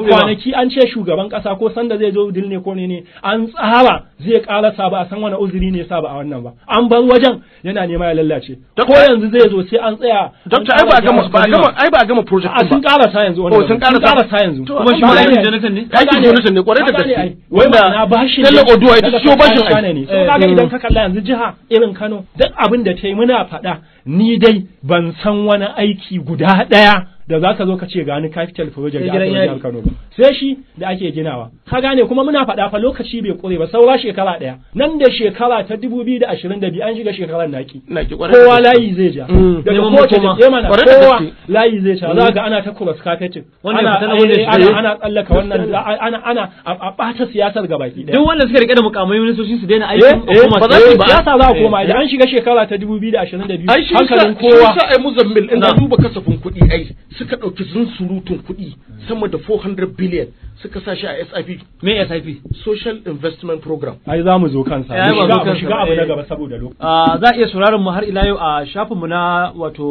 kwanaki an ce shugaban kasa ko sanda zai zo dil ne ko ne ne an tsara zai karasa ba a san wani uzuri ne sa ba a wannan ba an bar wajen yana nema ya lallace ko yanzu zai zo sai an tsaya doctor ai ba gama ba gama ai ba gama project ah, ba sun karasa yanzu oh, wannan sun karasa yanzu kuma shi ma solution ne aikin solution ne kwarai da gaske wanda Bello Oduwa ita ciyo bashin aiki kaga idan ka kalla yanzu jiha irin Kano duk abin da ta yi muna faɗa ni dai ban san wani aiki guda ɗaya da za ka zo ka ce gani capital project da aka jihar Kano ba sai shi da ake ginawa ka gane kuma muna faɗa fa lokaci bai kure ba saura shekara ɗaya nan da shekara ta biyu an shiga shekarar naki kowa layi zai ja mm. daga kowace da mana kowa layi zai ja mm. za ga ana ta cross carpeting ana eh, ana tsallaka wannan ana ana a ɓata siyasar gabaki ɗaya duk wanda suka rike da mukamai ministoci su daina aiki eh, eh, kuma ba za su ba siyasa za a koma an shiga shekara ta biyu. hankalin kowa shi ai muzammil in duba kasafin kuɗi ai suka ɗauki surutun kuɗi sama da 400 billion suka sa shi a SIP me SIP social investment program ai za mu zo kansa mu shiga abu na eh. gaba saboda lokaci ah, za a iya sauraron mu har ila yau a shafin mu na wato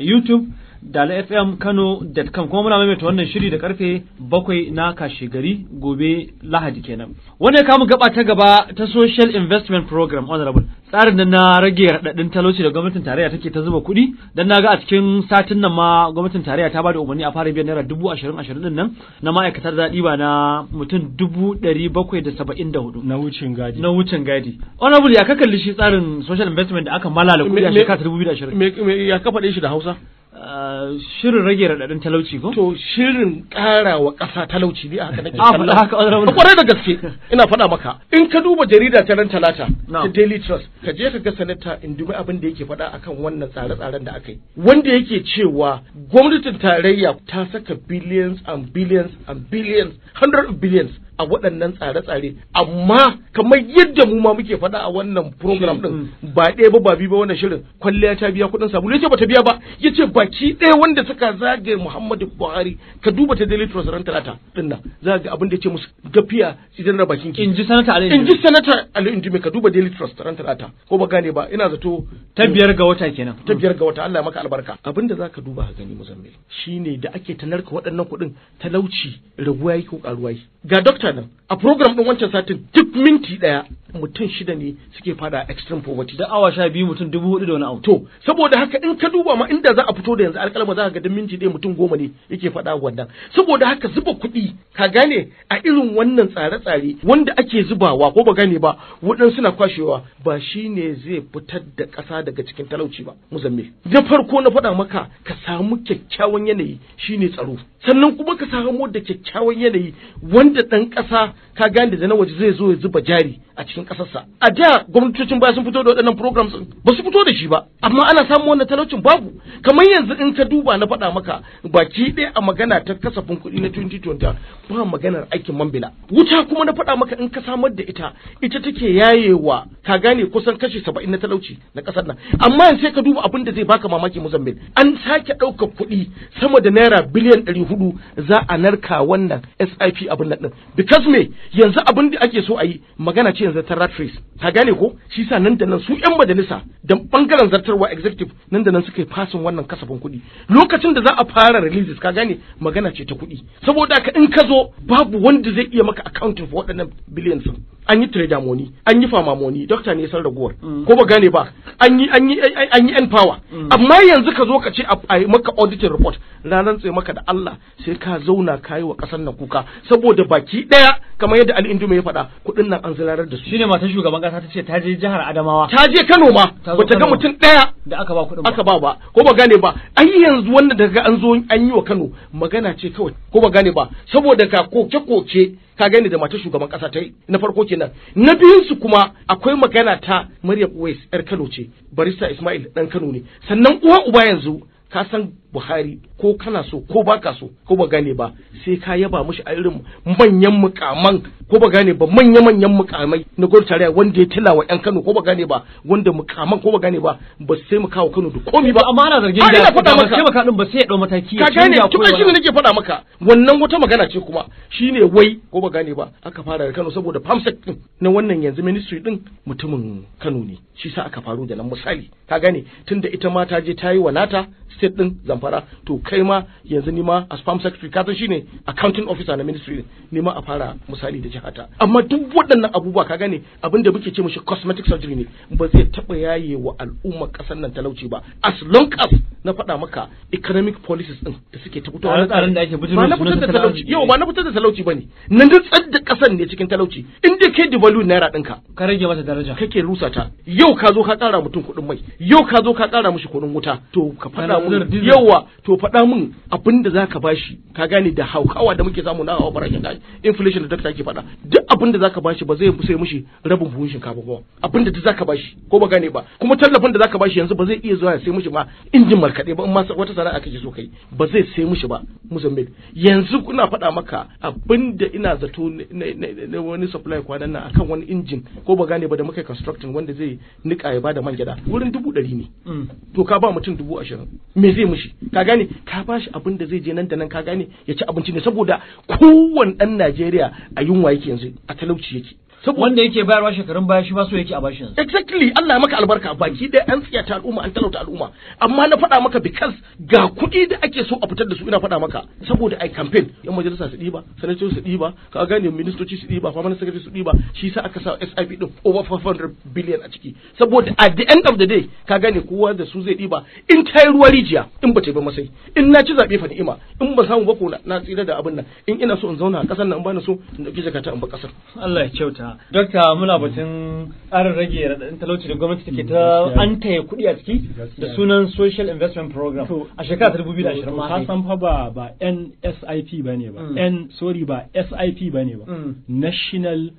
YouTube FM Kano dalafmkano.com kuma muna maimaita wannan shiri da karfe bakwai na kashe gari gobe lahadi kenan wannan ya kamu gaba ta gaba ta social investment program honorable tsarin da na rage radadin talauci da gwamnatin tarayya take ta zuba kuɗi dan na ga a cikin satin nan ma gwamnatin tarayya ta bada umarni a fara biyan naira dubu ashirin ashirin din nan na ma'aikatar daɗi ba na mutum dubu ɗari bakwai da saba'in da hudu. Na wucin gadi. Na wucin gadi. Honorable ya ka kalli shi tsarin social investment da aka malala kuɗi a shekara ta dubu biyu da ashirin. Ya ka faɗe shi da Hausa? shirin rage raɗaɗin talauci ko? To shirin ƙara wa ƙasa talauci ne a haka nake kallon. Ah, haka wani da gaske ina faɗa maka in ka duba jarida ta ran talata ta Daily Trust ka je ka ga sanata in dumi abin da yake faɗa akan wannan tsare-tsaren da aka yi. Wanda yake cewa gwamnatin tarayya ta saka billions and billions and billions hundred of billions a waɗannan tsare-tsare amma kamar yadda mu ma muke faɗa a wannan program din mm. ba ɗaya ba ba biyu ba wannan shirin kwalliya ta biya kuɗin sabulu yace bata biya ba yace baki ɗaya wanda suka zage Muhammadu Buhari ka duba ta Daily Trust ran talata din nan za ga abin da yace musu gafiya idan na bakin ki inji sanata Ali inji sanata Ali Indime ka duba Daily Trust ran talata ko ba gane ba ina zato ta biyar ga wata kenan ta biyar ga wata Allah maka albarka abin da zaka duba ka gani Muzammil shine da ake tanarka waɗannan kuɗin talauci raguwa yake ko karuwa ga dokta nan a program ɗin wancan satin duk minti ɗaya mutum shida ne suke fada extreme poverty da awa sha biyu mutum dubu hudu da wani auto. saboda haka in ka duba ma inda za a fito da yanzu alƙalma za ka ga minti ɗaya mutum goma ne yake fada wannan saboda haka zuba kuɗi ka gane a irin wannan tsare-tsare wanda ake zubawa ko ba gane ba waɗansu suna kwashewa ba shi ne zai fitar da ƙasa daga cikin talauci ba mu muzammil na farko na faɗa maka ka samu kyakkyawan yanayi shine tsaro sannan kuma ka samu da kyakkyawan yanayi wanda ɗan ƙasa ka gane da na waje zai zo ya zuba jari a cikin cikin kasarsa a da gwamnatocin baya sun fito da waɗannan programs din ba su fito da shi ba amma ana samun wannan talaucin babu kamar yanzu in ka duba na faɗa maka baki ɗaya a magana ta kasafin kuɗi na 2020 ba maganar aikin mambila wuta kuma na faɗa maka in ka samar da ita ita take yayewa ka gane kusan kashi saba'in na talauci na ƙasar nan amma yanzu sai ka duba abin da zai baka mamaki Mozambique an sake ɗaukar kuɗi sama da naira biliyan 400 za a narka wannan SIP abin nan din because me yanzu abin da ake so a yi magana ce yanzu secretariat ka gane ko shi sa nan da nan su yan majalisa da bangaren zartarwa executive nan da nan suka yi fasin wannan kasafin kuɗi lokacin da za a fara releases ka gane magana ce ta kuɗi saboda ka in ka zo babu wanda zai iya maka accounting for waɗannan billions an yi trader money an yi farmer money doctor ne san raguwar mm. ko ba gane ba an yi an yi an yi power mm. amma yanzu ka zo ka ce a maka auditing report ranar tsaye maka da Allah sai ka zauna ka yi wa ƙasar nan kuka saboda baki ɗaya kamar yadda Ali Indume ya faɗa kuɗin nan an zirarar da su shine matan shugaban ƙasa ta ce ta je jihar Adamawa ta je Kano ma ta ga mutum ɗaya da aka ba kuɗin aka ba ba ko ba gane ba ai yanzu wannan daga an zo an yi wa Kano magana ce kawai ko ba gane ba saboda ka koke koke ka gani da matar shugaban kasa ta na farko kenan na biyun su kuma akwai magana ta Maryam Uwais yar Kano ce barista Ismail ɗan Kano ne sannan uwa uba yanzu ka san Buhari ko kana so ko baka so ko ba gane ba sai ka yaba mushi a irin manyan mukaman ko ba gane ba manya manyan mukamai na gwamnati wanda ya tilawa yan Kano ko ba gane ba wanda mukaman ko ba gane ba ba sai mu kawo Kano da komi ba amma ana zargin da faɗa maka sai maka din ba sai ya dau mataki ya gane shi ne nake faɗa maka wannan wata magana ce kuma shine wai ko ba gane ba aka fara da Kano saboda famsek din na wannan yanzu ministry din mutumin Kano ne shi sa aka faru da nan misali ka gane tunda ita ma ta je ta yi wanata state din zamfara to kai ma yanzu nima a as farm secretary ka shine accounting officer na ministry ne nima a fara misali da jihata amma duk waɗannan abubuwa ka gane abin da muke ce mishi cosmetic surgery ne ba zai taɓa yaye wa al'umma ƙasar nan talauci ba as long as na faɗa maka economic policies din da suke ta fitowa tsarin da ake ba na fitar da talauci yau ba na fitar da talauci bane na nutsar da ƙasar ne cikin talauci inda ke kai devalue naira ɗinka ka rage mata daraja kake rusa ta yau ka zo ka ƙara mutum kuɗin mai yau ka zo ka ƙara mishi kuɗin wuta to ka faɗa yawa to faɗa min abin da ka bashi ka gane da haukawa da muke samu na hawa farashin gashi inflation da doctor ke faɗa duk abin da ka bashi ba zai sai mushi rabin buhun shinkafa ba abin da ka bashi ko ba gane ba kuma tallafin da ka bashi yanzu ba zai iya zuwa ya sai mushi ma injin markaɗe ba in ma wata sana'a kake so kai ba zai sai mushi ba musammin yanzu kuna faɗa maka abin da ina zato na wani supply kwanan nan akan wani injin ko ba gane ba da muka constructing wanda zai nika ya bada man gyada wurin dubu ɗari ne mm. to ka ba mutum dubu ashirin me zai mushi ka gane ka bashi abin da zai je nan da nan ka gane ya ci abinci ne saboda kowanne dan Najeriya a yunwa yake yanzu a talauci yake wanda yake bayarwa shekarun baya shi ba so yake a bashi yanzu exactly Allah ya maka albarka baki da an tsiyata al'umma an talauta al'umma amma na faɗa maka because ga kuɗi da ake so a fitar da su ina faɗa maka saboda ai campaign yan majalisa su ɗiba sanatoci su ɗiba ka gane ministoci su ɗiba famanin sakatari su ɗiba shi sa aka sa SIP din over 500 billion a ciki saboda at the end of the day ka gane kowa da su zai ɗiba in ta yi ruwa rijiya in ba ta ba masai in na ci zaɓe fa ni'ima in ba samu ba ko na tsira da abin nan in ina so in zauna a ƙasar nan ba na so in ɗauki jakata in ba ƙasar Allah ya kyauta sana'a dokta muna batun tsarin rage raɗaɗin talauci da gwamnati take ta mm, an taya kuɗi a ciki da sunan social investment program a shekara ta 2020 ma san fa ba ba NSIP ba ne mm. ba N sorry ba SIP ba ne mm. ba National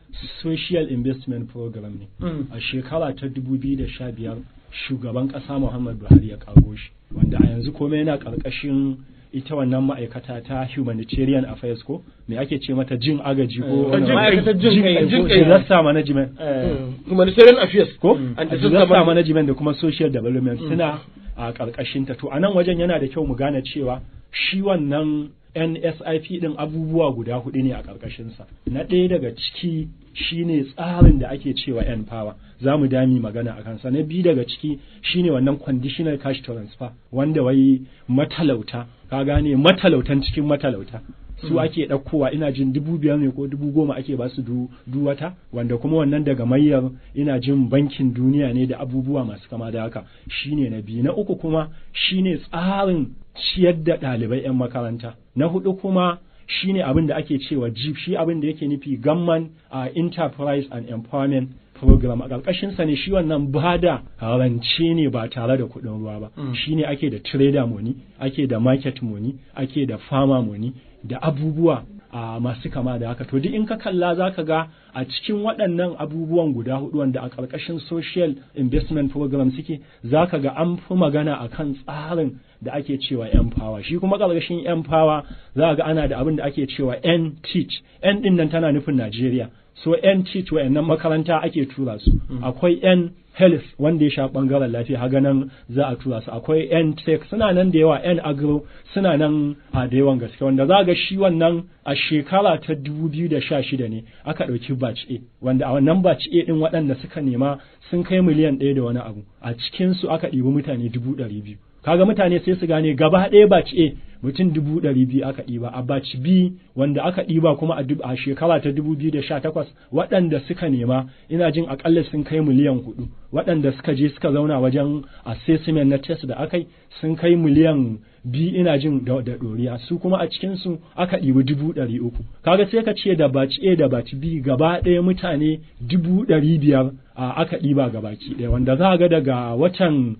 Social Investment Program ne a shekara ta 2015 shugaban ƙasa Muhammad Buhari ya kago shi wanda a yanzu komai yana ƙarƙashin ita wannan ma'aikata ta humanitarian affairs ko me ake ce mata jin agaji ko eh, jin jin eh. management eh, humanitarian affairs ko mm. disaster management da kuma social development mm. suna a karkashin ta to anan wajen yana da kyau mu gane cewa shi wannan NSIP ɗin abubuwa guda hudu ne a ƙarƙashinsa. Na ɗaya daga ciki shine tsarin da ake cewa N power za mu dami magana a kansa. Na biyu daga ciki shine wannan conditional cash transfer wanda wai matalauta ka gane matalautan cikin matalauta su mm. ake ɗaukowa ina jin dubu biyar ne ko dubu goma ake ba su du wata wanda kuma wannan daga mayar ina jin bankin duniya ne da abubuwa masu kama da haka shine na biyu na uku kuma shine tsarin ciyar da ɗalibai 'yan makaranta na hudu kuma shine abin da ake cewa jeep shi abin da yake nufi gamman a uh, enterprise and employment program a ƙarƙashin sa ne shi wannan bada rance ne ba tare da kuɗin ruwa ba mm. shi ne ake da trader money ake da market money ake da farmer money da abubuwa a masu kama da haka to duk in ka kalla za ka ga a cikin waɗannan abubuwan guda hudu wanda a ƙarƙashin social investment program suke za ka ga an fi magana a kan tsarin da ake cewa yan power. shi kuma ƙarƙashin power za ga ana da abin da ake cewa n teach n ɗin nan tana nufin najeriya so yan yan wayannan makaranta ake tura su mm-hmm. akwai yan health wanda ya sha ɓangaren lafiya haganan za a tura su akwai yan tech suna nan da yawa yan agro suna nan a da yawan gaske wanda za ga shi wannan a shekara ta 2016 ne aka ɗauki batch A wanda a wannan batch A din waɗanda suka nema sun kai miliyan ɗaya da wani abu a cikin su aka ɗibi mutane dubu ɗari biyu kaga mutane sai su gane gaba ɗaya batch A mutum dubu ɗari biyu aka ɗiba a batch b wanda aka ɗiba kuma a shekara ta dubu biyu da sha takwas waɗanda suka nema ina jin akalla sun kai miliyan hudu waɗanda suka je suka zauna wajen assessment na test da aka yi sun kai miliyan biyu ina jin da ɗoriya su kuma a cikinsu aka ɗibi dubu ɗari uku kaga sai ka ce da batch a da batch b gaba ɗaya mutane dubu ɗari biyar aka ɗiba gabaki ɗaya wanda za a ga daga watan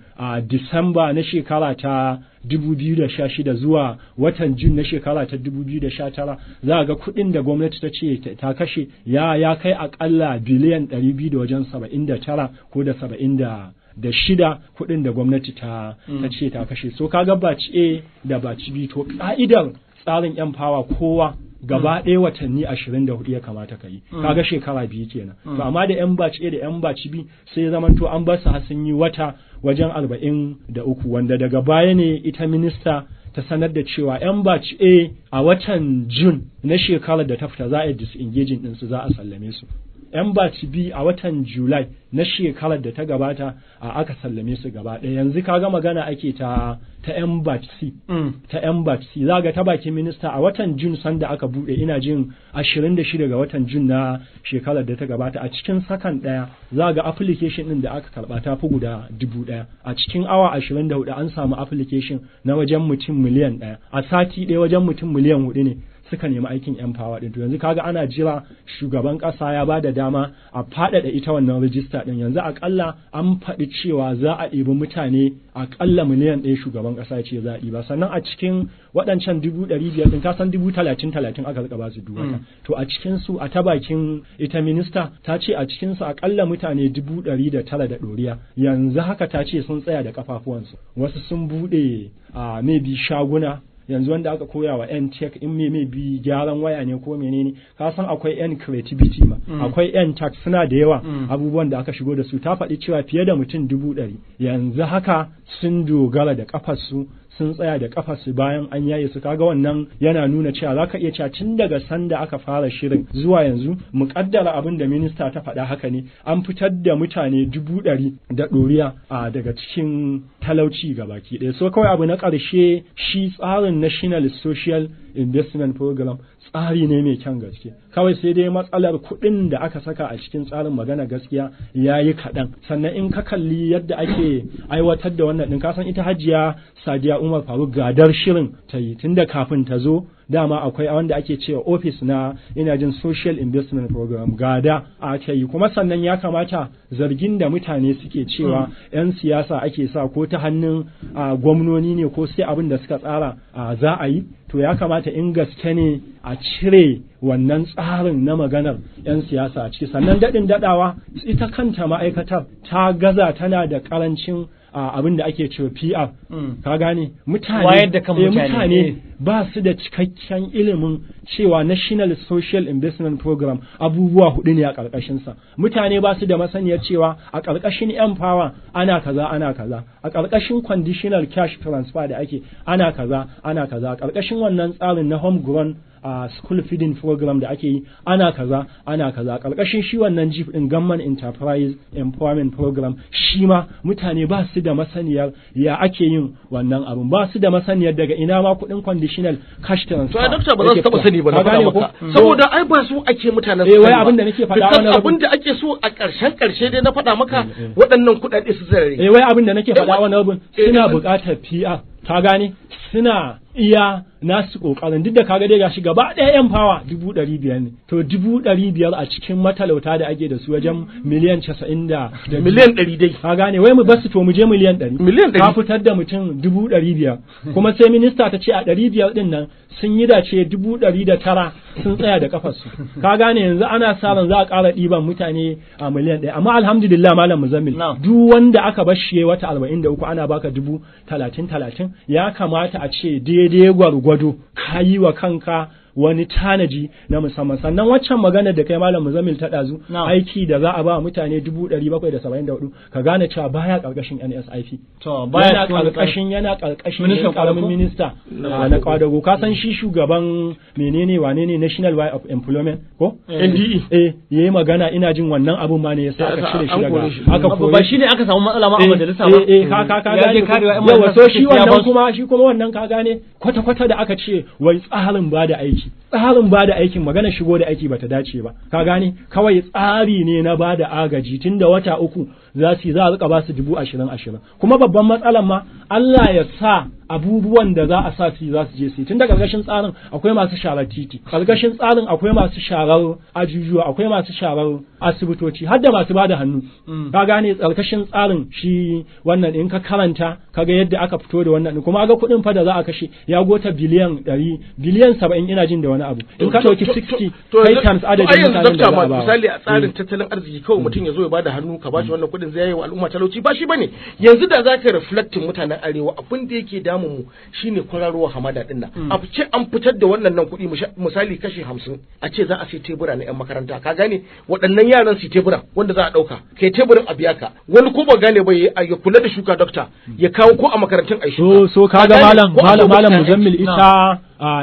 Disamba na shekara ta 2016 zuwa watan Jun na shekara ta 2019 za a ga kuɗin da gwamnati ta ce ta kashe ya ya kai akalla biliyan 200 da wajen 79 ko da 76 da kuɗin da gwamnati ta ta ce ta kashe so kaga ci A da ci bi to ka'idar tsarin yan fawa kowa gaba mm. ɗaya watanni ashirin da hudu ya kamata ka yi mm. Ka ga shekara biyu kenan to mm. amma da yan baci A da yan baci bi sai zamanto an bar su hasin yi wata wajen arba'in da uku wanda daga baya ne ita minista ta sanar da cewa 'yan batch A a watan Jun na shekarar da ta fita za a disengaging ɗinsu za a sallame su. embassy bi a watan july na shekarar da ta gabata a aka sallame su gaba ɗaya yanzu kaga magana ake ta ta embassy mm. ta embassy zaga ta bakin minista a watan Jun sanda aka bude ina jin 26 ga watan Jun na shekarar da ta gabata a cikin sakan ɗaya za application ɗin da aka karba ta fi guda dubu ɗaya a cikin awa 24 an samu application na wajen mutum miliyan ɗaya a sati ɗaya wajen mutum miliyan hudu ne suka nemi aikin yan fawa din to yanzu kaga ana jira shugaban kasa ya ba da dama a faɗaɗa ita wannan rijista din yanzu akalla an faɗi cewa za a ɗibi mutane akalla miliyan ɗaya shugaban kasa ce za a ɗiba sannan a cikin waɗancan dubu ɗari biyar ɗin kasan dubu talatin talatin aka rika ba su duwa mm. to a cikin su a ta bakin ita minista ta ce a cikin su akalla mutane dubu ɗari da tara da ɗoriya yanzu haka ta ce sun tsaya da kafafuwansu wasu sun buɗe a ah, maybe shaguna yanzu wanda aka koya wa yan tech in me me bi gyaran waya ne ko menene ka san akwai yan creativity ma mm. akwai yan tech suna da yawa mm. abubuwan da aka shigo da su ta faɗi cewa fiye da mutum dubu ɗari yanzu haka sun dogara da kafarsu sun tsaya da kafa su bayan an yaye su kaga wannan yana nuna cewa za ka iya cewa tun daga sanda aka fara shirin zuwa yanzu mu kaddara abin da minista ta faɗa haka ne an fitar da mutane dubu ɗari da ɗoriya a daga cikin talauci gabaki ɗaya so kawai abu na ƙarshe shi tsarin national social investment program tsari ne mai kyan gaske kawai sai dai matsalar kuɗin da aka saka a cikin tsarin magana gaskiya ya yi kaɗan sannan in ka kalli yadda ake aiwatar da wannan ɗin kasan ita hajiya sadiya umar Faru gadar shirin ta yi tun da kafin ta zo dama akwai wanda ake cewa office na ina jin social investment program gada aka yi kuma sannan ya kamata zargin da mutane suke cewa hmm. 'yan siyasa ake sa ko ta hannun gwamnoni ne ko sai abin da suka tsara za a yi to ya kamata in gaske ne a cire wannan tsarin na maganar 'yan siyasa a ciki sannan daɗin daɗawa ita kanta ma'aikatar ta gaza tana da ƙarancin abin da ake cewa PR hmm. ka gane mutane eh, mutane eh. ba su da cikakken ilimin cewa National Social Investment Program abubuwa hudu ne a karkashin mutane ba su da masaniyar cewa a karkashin Empower ana kaza ana kaza a karkashin Conditional Cash Transfer da ake ana kaza ana kaza a karkashin wannan tsarin na home grown A school feeding program da ake yi ana kaza ana kaza karkashin shi wannan jif din government enterprise employment program shi ma mutane ba su da masaniyar ya ake yin wannan abun ba su da masaniyar daga ina ma kuɗin conditional cash transfer to doctor ba za su taba sani ba na faɗa maka saboda ai ba su ake mutanen su eh, wai abin da nake faɗa wannan abin da ake so a ƙarshen ƙarshe dai na faɗa maka mm, mm. waɗannan kuɗaɗe su zarare eh wai abin da nake faɗa wannan abin eh, suna eh, buƙatar PR ka gane suna iya nasu kokarin duk da kaga dai gashi gaba ɗaya yan fawa dubu ɗari biyar ne to dubu ɗari biyar a cikin matalauta da ake da su wajen miliyan casa'in da miliyan ɗari dai ka gane wai mu basu to mu je miliyan ɗari miliyan ɗari ka fitar da mutum dubu ɗari biyar kuma sai minista ta ce a ɗari biyar ɗin nan sun yi dace dubu ɗari da tara sun tsaya da kafarsu ka gane yanzu ana sa ran za a ƙara ɗiban mutane a miliyan ɗaya amma alhamdulillah malam muzammil duk wanda aka bar shi wata arba'in da uku ana baka dubu talatin talatin ya kamata a ce dai daidai gwargwado ka yi wa kanka wani tanaji na musamman sannan waccan magana da kai malam muzamil ta dazu aiki da za a ba mutane 774 ka gane cewa baya karkashin NSIP to baya karkashin yana karkashin karamin minista ah, na kwadago ka san shi shugaban menene wane ne National Way of Employment ko NDE eh, e. eh yayi magana ina jin wannan abun ma ne yasa aka cire shi daga aka kore ba shine aka samu matsala ma a eh, majalisa ba eh, eh ka ka ka gane yawa so shi wannan kuma shi kuma wannan ka gane kwata kwata da aka ce wai tsarin ba da aiki aiki tsarin ba da aikin magana shigo da aiki bata dace ba ka gane kawai tsari ne na ba da agaji tunda wata uku za su za a rika ba su dubu ashirin ashirin kuma babban matsalan ma Allah ya sa abubuwan da za a sa su za su je su tun da gargashin tsarin akwai masu sharar titi gargashin tsarin akwai masu sharar ajujuwa akwai masu sharar asibitoci har da masu bada hannu mm. ka gane tsarkashin tsarin shi wannan in ka karanta kaga yadda aka fito da wannan kuma ga kuɗin fa da za a kashe ya gota biliyan 100 biliyan 70 ina jin da wani abu in ka ɗauki 60 kai times adadin mutanen da za a ba misali a tsarin mm. tattalin arziki kawai mutum ya zo ya bada hannu ka bashi mm. wannan kuɗin zai yi wa al'umma talauci ba shi bane yanzu da zaka reflecting mutanen arewa abin da yake damu damun mu shine kwararowa hamada din nan hmm. a ce an fitar da wannan nan kuɗi misali kashi hamsin a ce za a sai tebura na yan makaranta ka gane waɗannan yaran su tebura wanda za a ɗauka kai teburin a biya ka wani ko ba gane ba ya kula da shuka dokta ya kawo ko a makarantun a so so kaga malam malam malam muzammil ita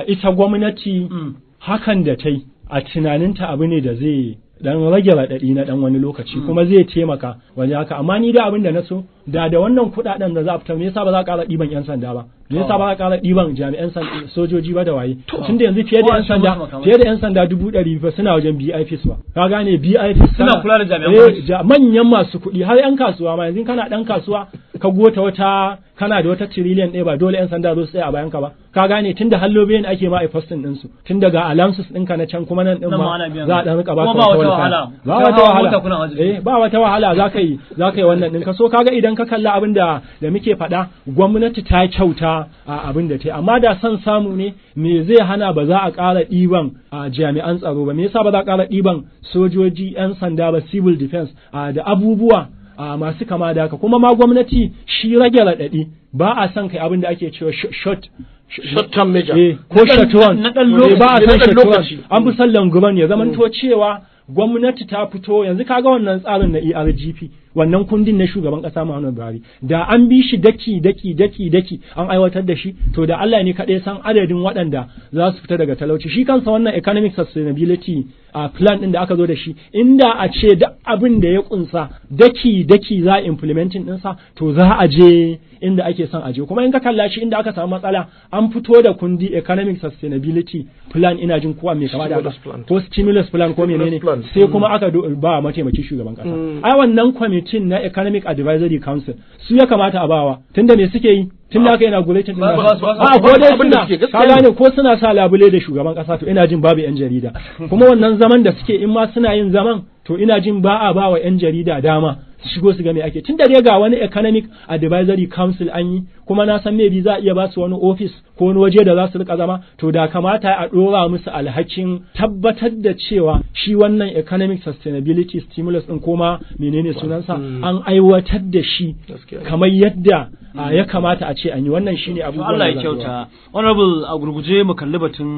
ita gwamnati hmm. hakan da ta yi a tunaninta abu ne da zai dan rage raɗaɗi na dan wani lokaci hmm. kuma zai taimaka wani haka amma ni da abin da na so da da wannan kuɗaɗen da za a fita me yasa ba za a ƙara ɗiban yan sanda ba me yasa ba za a ƙara ɗiban jami'an sojoji ba da waye tunda yanzu fiye da yan sanda fiye da yan sanda dubu ɗari ba suna wajen BIFs ba ka gane BIFs suna kula da jami'an eh, manyan masu kuɗi har yan kasuwa ma yanzu kana ɗan kasuwa ka gota wata kana da wata tiriliyan ɗaya ba dole yan sanda zo su tsaya a bayan ka ba ka gane tunda hallobiyan ake ma a fastin din su tun daga allowances ɗinka na can kuma nan ɗin ma za a ɗan rika ba ka ba wata wahala eh, ba wata wahala za ka yi za ka yi wannan ɗin ka so kaga idan ka kalla abin da da muke faɗa gwamnati ta kyauta a abin da ta amma da son samu ne me zai hana ba za a ƙara ɗiban a jami'an tsaro ba me yasa ba za a ƙara ɗiban sojoji 'yan sanda ba civil defense da abubuwa a masu kama da haka kuma ma gwamnati shi rage raɗaɗi ba a son kai abin da ake cewa shot shot term measure eh, ko shot one eh, ba a son shot one an fi son languman ya zamanto mm. cewa gwamnati ta fito yanzu kaga wannan tsarin na ERGP wannan kundin na shugaban kasa Muhammadu Buhari da an bi shi daki daki daki daki an aiwatar da shi to da Allah ne kadai san adadin waɗanda za su fita daga talauci shi kansa wannan economic sustainability a plan din da aka zo da shi inda a ce duk abin da ya kunsa daki daki za a implementing ɗinsa to za a je inda ake son aje kuma in ka kalla shi inda aka samu matsala an fito da kundi economic sustainability plan ina jin kowa mai kama da ko stimulus plan ko menene sai mm. kuma aka ba mataimakin shugaban kasa mm. ai wannan kwame. cin na Economic Advisory Council su ya kamata a bawa tunda me suke yi tun da aka yana gulatin din a ko ah, suna ka gane ko suna sa labule da shugaban kasa to ina jin babu yan jarida kuma wannan zaman da suke in ma suna yin zaman to ina jin ba a bawa yan jarida dama shigo su ga me ake tun da dai ga wani economic advisory council an yi kuma na san maybe za a iya ba su wani office ko wani waje da za su rika zama to da kamata a dora musu alhakin tabbatar da cewa shi wannan economic sustainability stimulus din koma menene sunansa hmm. an aiwatar da shi kamar yadda ya hmm. kamata a ce an yi wannan shine abu Allah ya kyauta honorable a gurguje mu kalli batun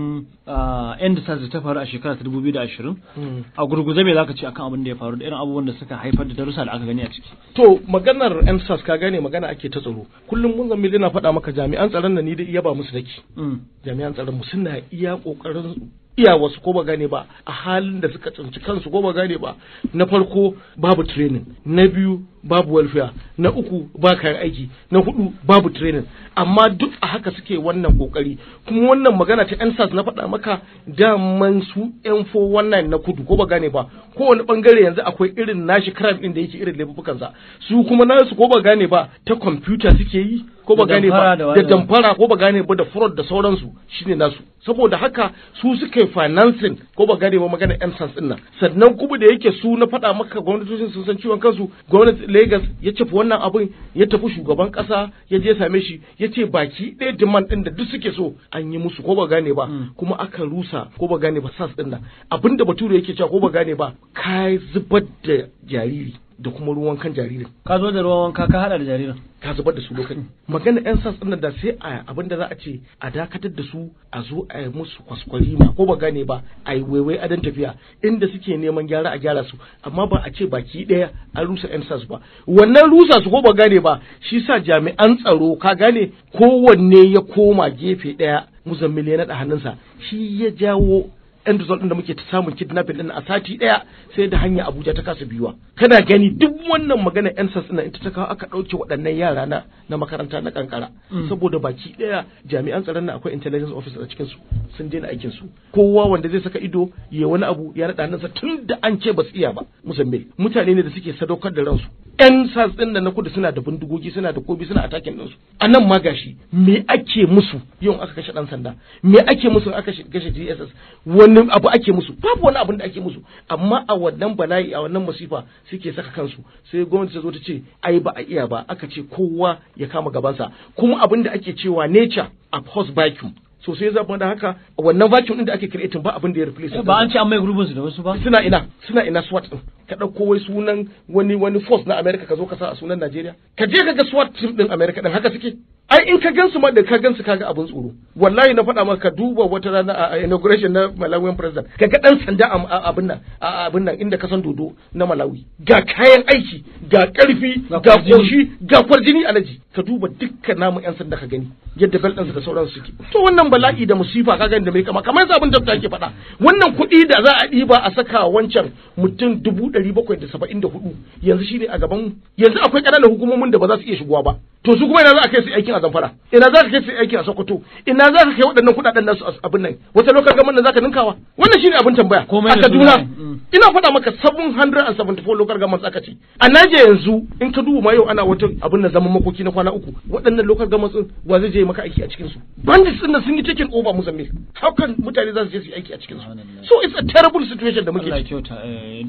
end SARS ta faru a shekarar 2020 hmm. a gurguje me zaka ce akan abin da ya faru da irin abubuwan da suka haifar da darussa da aka gani ne a ciki to maganar MSAS ka gane magana ake ta tsaro kullum mun zambi na faɗa maka jami'an tsaron na ni da iya ba musu daki mm. jami'an tsaron mu suna iya ƙoƙarin iya wasu ko ba gane ba a halin da suka tsinci kansu ko ba gane ba na farko babu training na biyu babu welfare na uku ba kayan aiki na hudu babu training amma duk a haka suke wannan kokari kuma wannan magana ta yan na faɗa maka daman su yan fo wannan na kudu ko ba gane ba kowane bangare yanzu akwai irin nashi crime din da yake irin sa su kuma nasu ko ba gane ba ta computer suke yi ko ba gane ba da damfara ko ba gane ba da fraud da sauransu shine nasu saboda haka su suke financing ko ba gane ba magana yan din nan sannan kuma da yake su na faɗa maka gwamnatocin sun san ciwon kansu gwamnati Lagos ya cafi wannan abin ya tafi shugaban kasa ya je same shi ya ce baki ɗaya demand ɗin da duk suke so an yi musu ko ba gane ba hmm. kuma aka rusa ko ba gane ba sas ɗin nan abinda bature yake cewa ko ba gane ba ka zubar da jariri da kuma ruwan kan jaririn ka zo da ruwan wanka ka hada da jaririn ka zubar da su lokacin magana yan sas ɗin da sai a abin da za a ce a dakatar da su a zo a yi musu kwaskwari ma ko ba gane ba a yi waiwai dan tafiya inda suke neman gyara a gyara su amma ba a ce baki ɗaya an rusa ƴan sas ba wannan rusa su ko ba gane ba shi sa jami'an tsaro ka gane kowanne ya koma gefe ɗaya muzammil ya naɗa hannunsa shi ya jawo end result da muke ta samun kidnapping din a sati ɗaya sai da hanya Abuja ta kasa biyuwa kana gani duk wannan magana yan sas ina ita ta kawo aka dauke waɗannan yara na na makaranta na kankara mm. saboda baki ɗaya jami'an tsaron na akwai intelligence officer a cikin su sun daina aikin su kowa wanda zai saka ido ya wani abu ya rada nan tun da an ce ba su iya ba musamman mutane ne da suke sadaukar da ransu yan sas ɗin da na kudu suna da bindigogi suna da kobi suna atakin ɗin su a nan ma gashi me ake musu yau aka kashe ɗan sanda me ake musu aka kashe DSS wani abu ake musu babu wani abu da ake musu amma a wannan bala'i a wannan masifa suke saka kansu sai gwamnati ta zo ta ce ai ba a iya ba aka ce kowa ya kama gabansa kuma abin da ake cewa nature abhors vacuum so sai zaba da haka wannan vacuum din da ake creating ba abin da ya replace ba an ce an mai gurbin su da wasu ba suna ina suna ina SWAT din ka dauko wai sunan wani wani force na America ka zo ka sa a sunan Najeriya ka je ka ga SWAT team din America din haka suke ai in ka gansu ma da ka gansu kaga abin tsoro wallahi na faɗa maka duba wata rana a inauguration na Malawian president ka ga dan sanda a abin nan a abin nan inda ka san dodo na Malawi ga kayan aiki ga karfi ga koshi ga kwarjini alaji ka duba dukkan namu yan sanda ka gani yadda bel da sauran suke to wannan wannan bala'i da musifa kaga da mai kama kamar zabin da ke faɗa wannan kuɗi da za a ɗiba a saka wancan mutum dubu ɗari bakwai da saba'in da hudu yanzu shine a gaban yanzu akwai ƙananan hukumomin da ba za su iya shigowa ba to su kuma ina za a kai su aikin a zamfara ina za ka kai su aikin a sokoto ina za ka kai waɗannan kuɗaɗen nasu abin nan wata lokacin gaban nan za ka ninkawa wannan shine abin tambaya a kaduna mm. ina faɗa maka 774 lokar governments aka ce a naje yanzu in ka duba ma yau ana wata abin nan zaman makoki na kwana uku waɗannan local sun wa zai je maka aiki a cikin su bandits din sun yi taking over Mozambique how can mutane za su je su aiki a cikin su so it's a terrible situation da muke eh,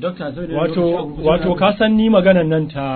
wato wato ka san ni maganar nan ta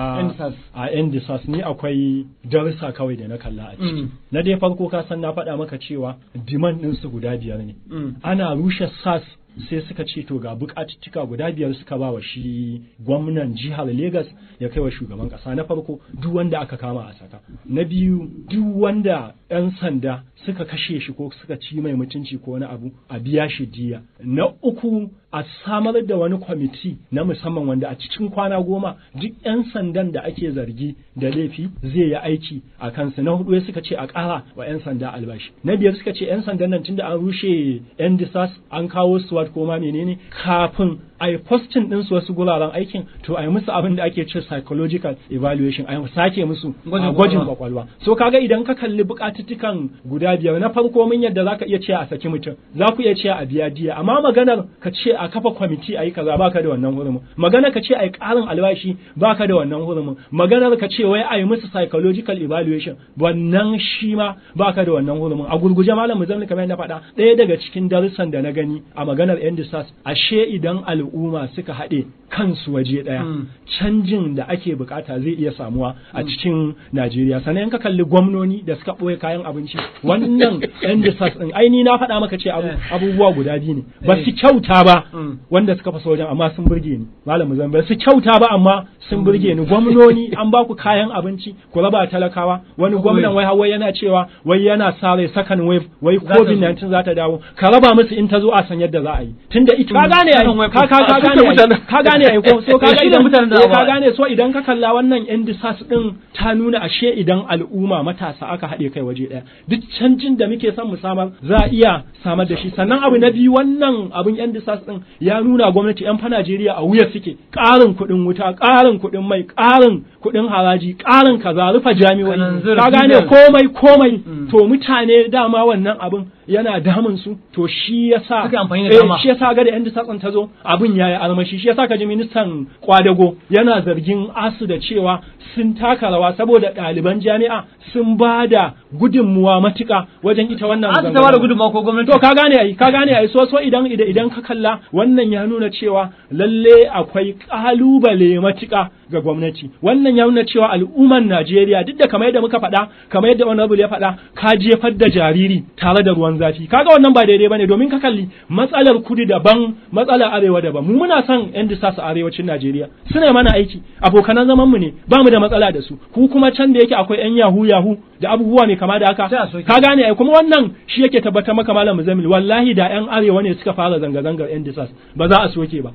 a Endisas ni akwai darussa kawai da na kalla a ciki mm. na dai farko ka san na faɗa maka cewa demand su guda biyar ne mm. ana rushe SAS sai suka ce to ga bukatuttuka guda biyar suka ba wa shi gwamnan jihar Legas ya kai wa shugaban kasa na farko duk wanda aka kama a saka na biyu duk wanda yan sanda suka kashe shi ko suka ci mai mutunci ko wani abu a biya shi diya na uku a samar da wani kwamiti na musamman wanda a cikin kwana goma duk 'yan sandan da ake zargi da laifi zai yi aiki a kansu na hudu suka ce a kara wa 'yan sanda albashi na biyar suka ce 'yan sandan nan tunda an rushe 'yan disas an kawo swat ko ma menene kafin a yi postin ɗinsu wasu guraren aikin to a yi musu abin da ake ce psychological evaluation a yi sake musu gwajin kwakwalwa so kaga idan ka kalli bukatuttukan guda biyar na farko mun yadda zaka iya ce a saki mutum za ku iya ce a biya diya amma maganar ka ce a kafa kwamiti a yi kaza ka da wannan hurumin magana ka ce a yi ƙarin albashi ka da wannan hurumin maganar ka ce wai a yi musu psychological evaluation wannan shi ma ka da wannan hurumin a gurguje malam muzamil kamar na faɗa ɗaya daga cikin darussan da na gani a maganar yan disas ashe idan al'umma suka haɗe kansu waje ɗaya hmm. canjin da ake bukata zai iya samuwa a hmm. cikin Najeriya sannan ka kalli gwamnoni da suka ɓoye kayan abinci wannan yan disas ɗin aini na faɗa maka ce eh. abubuwa guda biyu ne ba su eh. kyauta ba wanda suka fasa sojan amma sun burge ni malam Muzambil su kyauta ba amma sun burge ni gwamnoni an ba ku kayan abinci ku raba talakawa wani gwamnan wai hawa yana cewa wai yana sare second wave wai covid 19 za ta dawo ka raba musu in ta zo a san yadda za a yi tunda ita ka gane ai ka ka ka gane ka gane ai ko so ka gane mutanen da ka gane so idan ka kalla wannan yan disas din ta nuna ashe idan al'umma matasa aka haɗe kai waje ɗaya duk canjin da muke son mu samar za a iya samar da shi sannan abu na biyu wannan abun yan disas din ɗin ya nuna gwamnati yan fa Najeriya a wuya suke ƙarin kuɗin wuta ƙarin kuɗin mai ƙarin kuɗin haraji ƙarin kaza rufa jami'o'i ka gane komai komai mm. to mutane dama wannan abin yana damun su to shi yasa kake amfani da eh, dama shi yasa ga da yan sakon ta zo abin yayi armashi shi yasa kaji ministan kwadago yana zargin asu da cewa sun taka rawa saboda ɗaliban jami'a sun ba da gudunmuwa matuka wajen ita wannan asu ta bada gudunmuwa ko gwamnati to ka gane ai ka gane ai so so idan idan ka kalla wannan ya nuna cewa lalle akwai kalubale matuka ga gwamnati wannan ya nuna cewa al'umman Najeriya duk da kamar yadda muka faɗa kamar yadda abu ya faɗa ka jefar da jariri tare da ruwan zafi kaga wannan ba daidai bane domin ka kalli matsalar kudu daban matsalar arewa daban mu muna son yan su arewacin Najeriya suna mana aiki abokanan zaman mu ne ba mu da matsala da su ku kuma can da yake akwai yan yahu yahu da abubuwa ne kama da haka ka gane ai kuma wannan shi yake tabbatar maka malam Zamil wallahi da yan arewa ne suka fara zanga zangar yan disa ba za a soke ba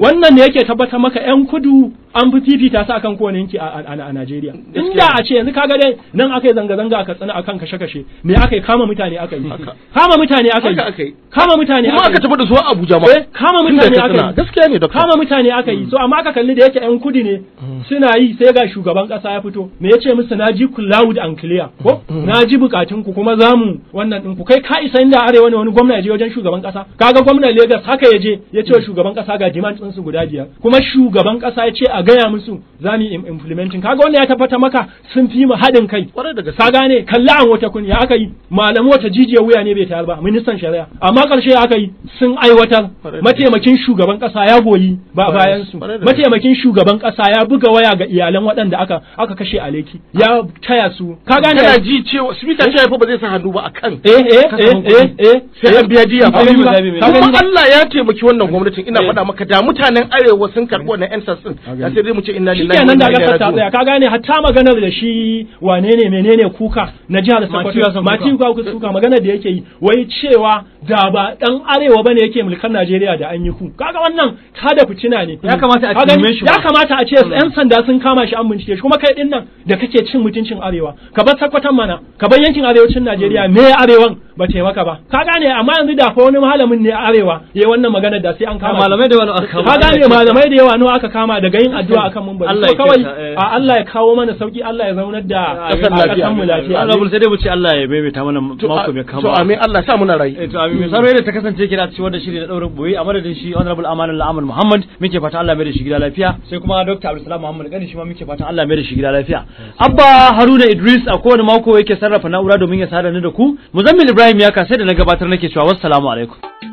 wannan ne yake tabbatar maka yan kudu an fi titi ta sa kan kowane yanki a Najeriya inda a ce yanzu kaga dai nan aka yi zanga-zanga aka a akan kashe-kashe me aka yi kama mutane aka yi kama mutane aka yi kama mutane aka yi aka tafi da su Abuja ma eh, kama mutane aka yi gaskiya ne doctor kama mutane aka yi mm. so amma aka kalli da yake yan kudi ne mm. suna yi sai ga shugaban kasa ya fito me ya ce musu na ji ku loud and clear ko mm. na ji bukatun ku kuma zamu wannan ɗin ku kai ka isa inda arewa ne wani gwamna ya je wajen shugaban kasa kaga gwamnan Lagos haka ya je ya ce wa shugaban kasa ga demand ɗinsu su guda biyar kuma shugaban kasa ya ce a gaya musu za mu implementing kaga wanda ya tabbata maka sun fi mu haɗin kai ka gane kalla an wata kun ya aka yi malamu wata jijiya wuya ne bai tayar ba ministan shari'a amma karshe ya aka yi sun aiwatar mataimakin shugaban kasa ya goyi ba bayan su mataimakin shugaban kasa ya buga waya ga iyalan waɗanda aka aka kashe a leki ya taya su ka gane kana ji cewa speaker fa ba zai sa hannu ba akan eh eh eh, eh eh sai an biya diya ba Allah ya taimaki wannan gwamnatin ina eh. faɗa maka da mutanen arewa sun karɓi na ƴan sassin da sai mu ce inna lillahi wa inna ilaihi raji'un ka gane hatta maganar da shi wane ne menene kuka na jihar Sokoto mati kuka kuka maganar da yake yi wai cewa da ba dan arewa bane yake mulkan Najeriya da an yi ku kaga wannan kada fitina ne ya kamata a tume shi ya kamata a ce mm. yan sanda sun kama shi an bincike shi kuma kai din nan da kake cin mutuncin arewa ka bar sakwatan mana ka bar yankin arewacin Najeriya me arewan ba ce maka ba ka gane amma yanzu da fa wani malamin ne arewa yayi wannan magana da sai an kama malamai da wani aka kama ka gane malamai da yawa no aka kama daga yin addu'a akan mun ba so kawai eh. a Allah ya kawo mana sauki Allah ya zaunar da kasan mu lafiya Allah bul sai dai mu ce Allah ya bebe ta mana mako mai kama to amin Allah sa muna rai eh, to amin sai da ta kasance kira ci wanda shiri da daurin boye a madadin shi honorable amanan la'amal Muhammad muke fata Allah mai da shi gida lafiya sai kuma Dr. Abdulsalam Muhammad gani shi ma muke fata Allah mai da shi gida lafiya Abba Haruna Idris a kowane mako yake sarrafa na'ura domin ya sadar da ku Muzammil Ibrahim Ibrahim ya kasa da na gabatar nake cewa wassalamu alaikum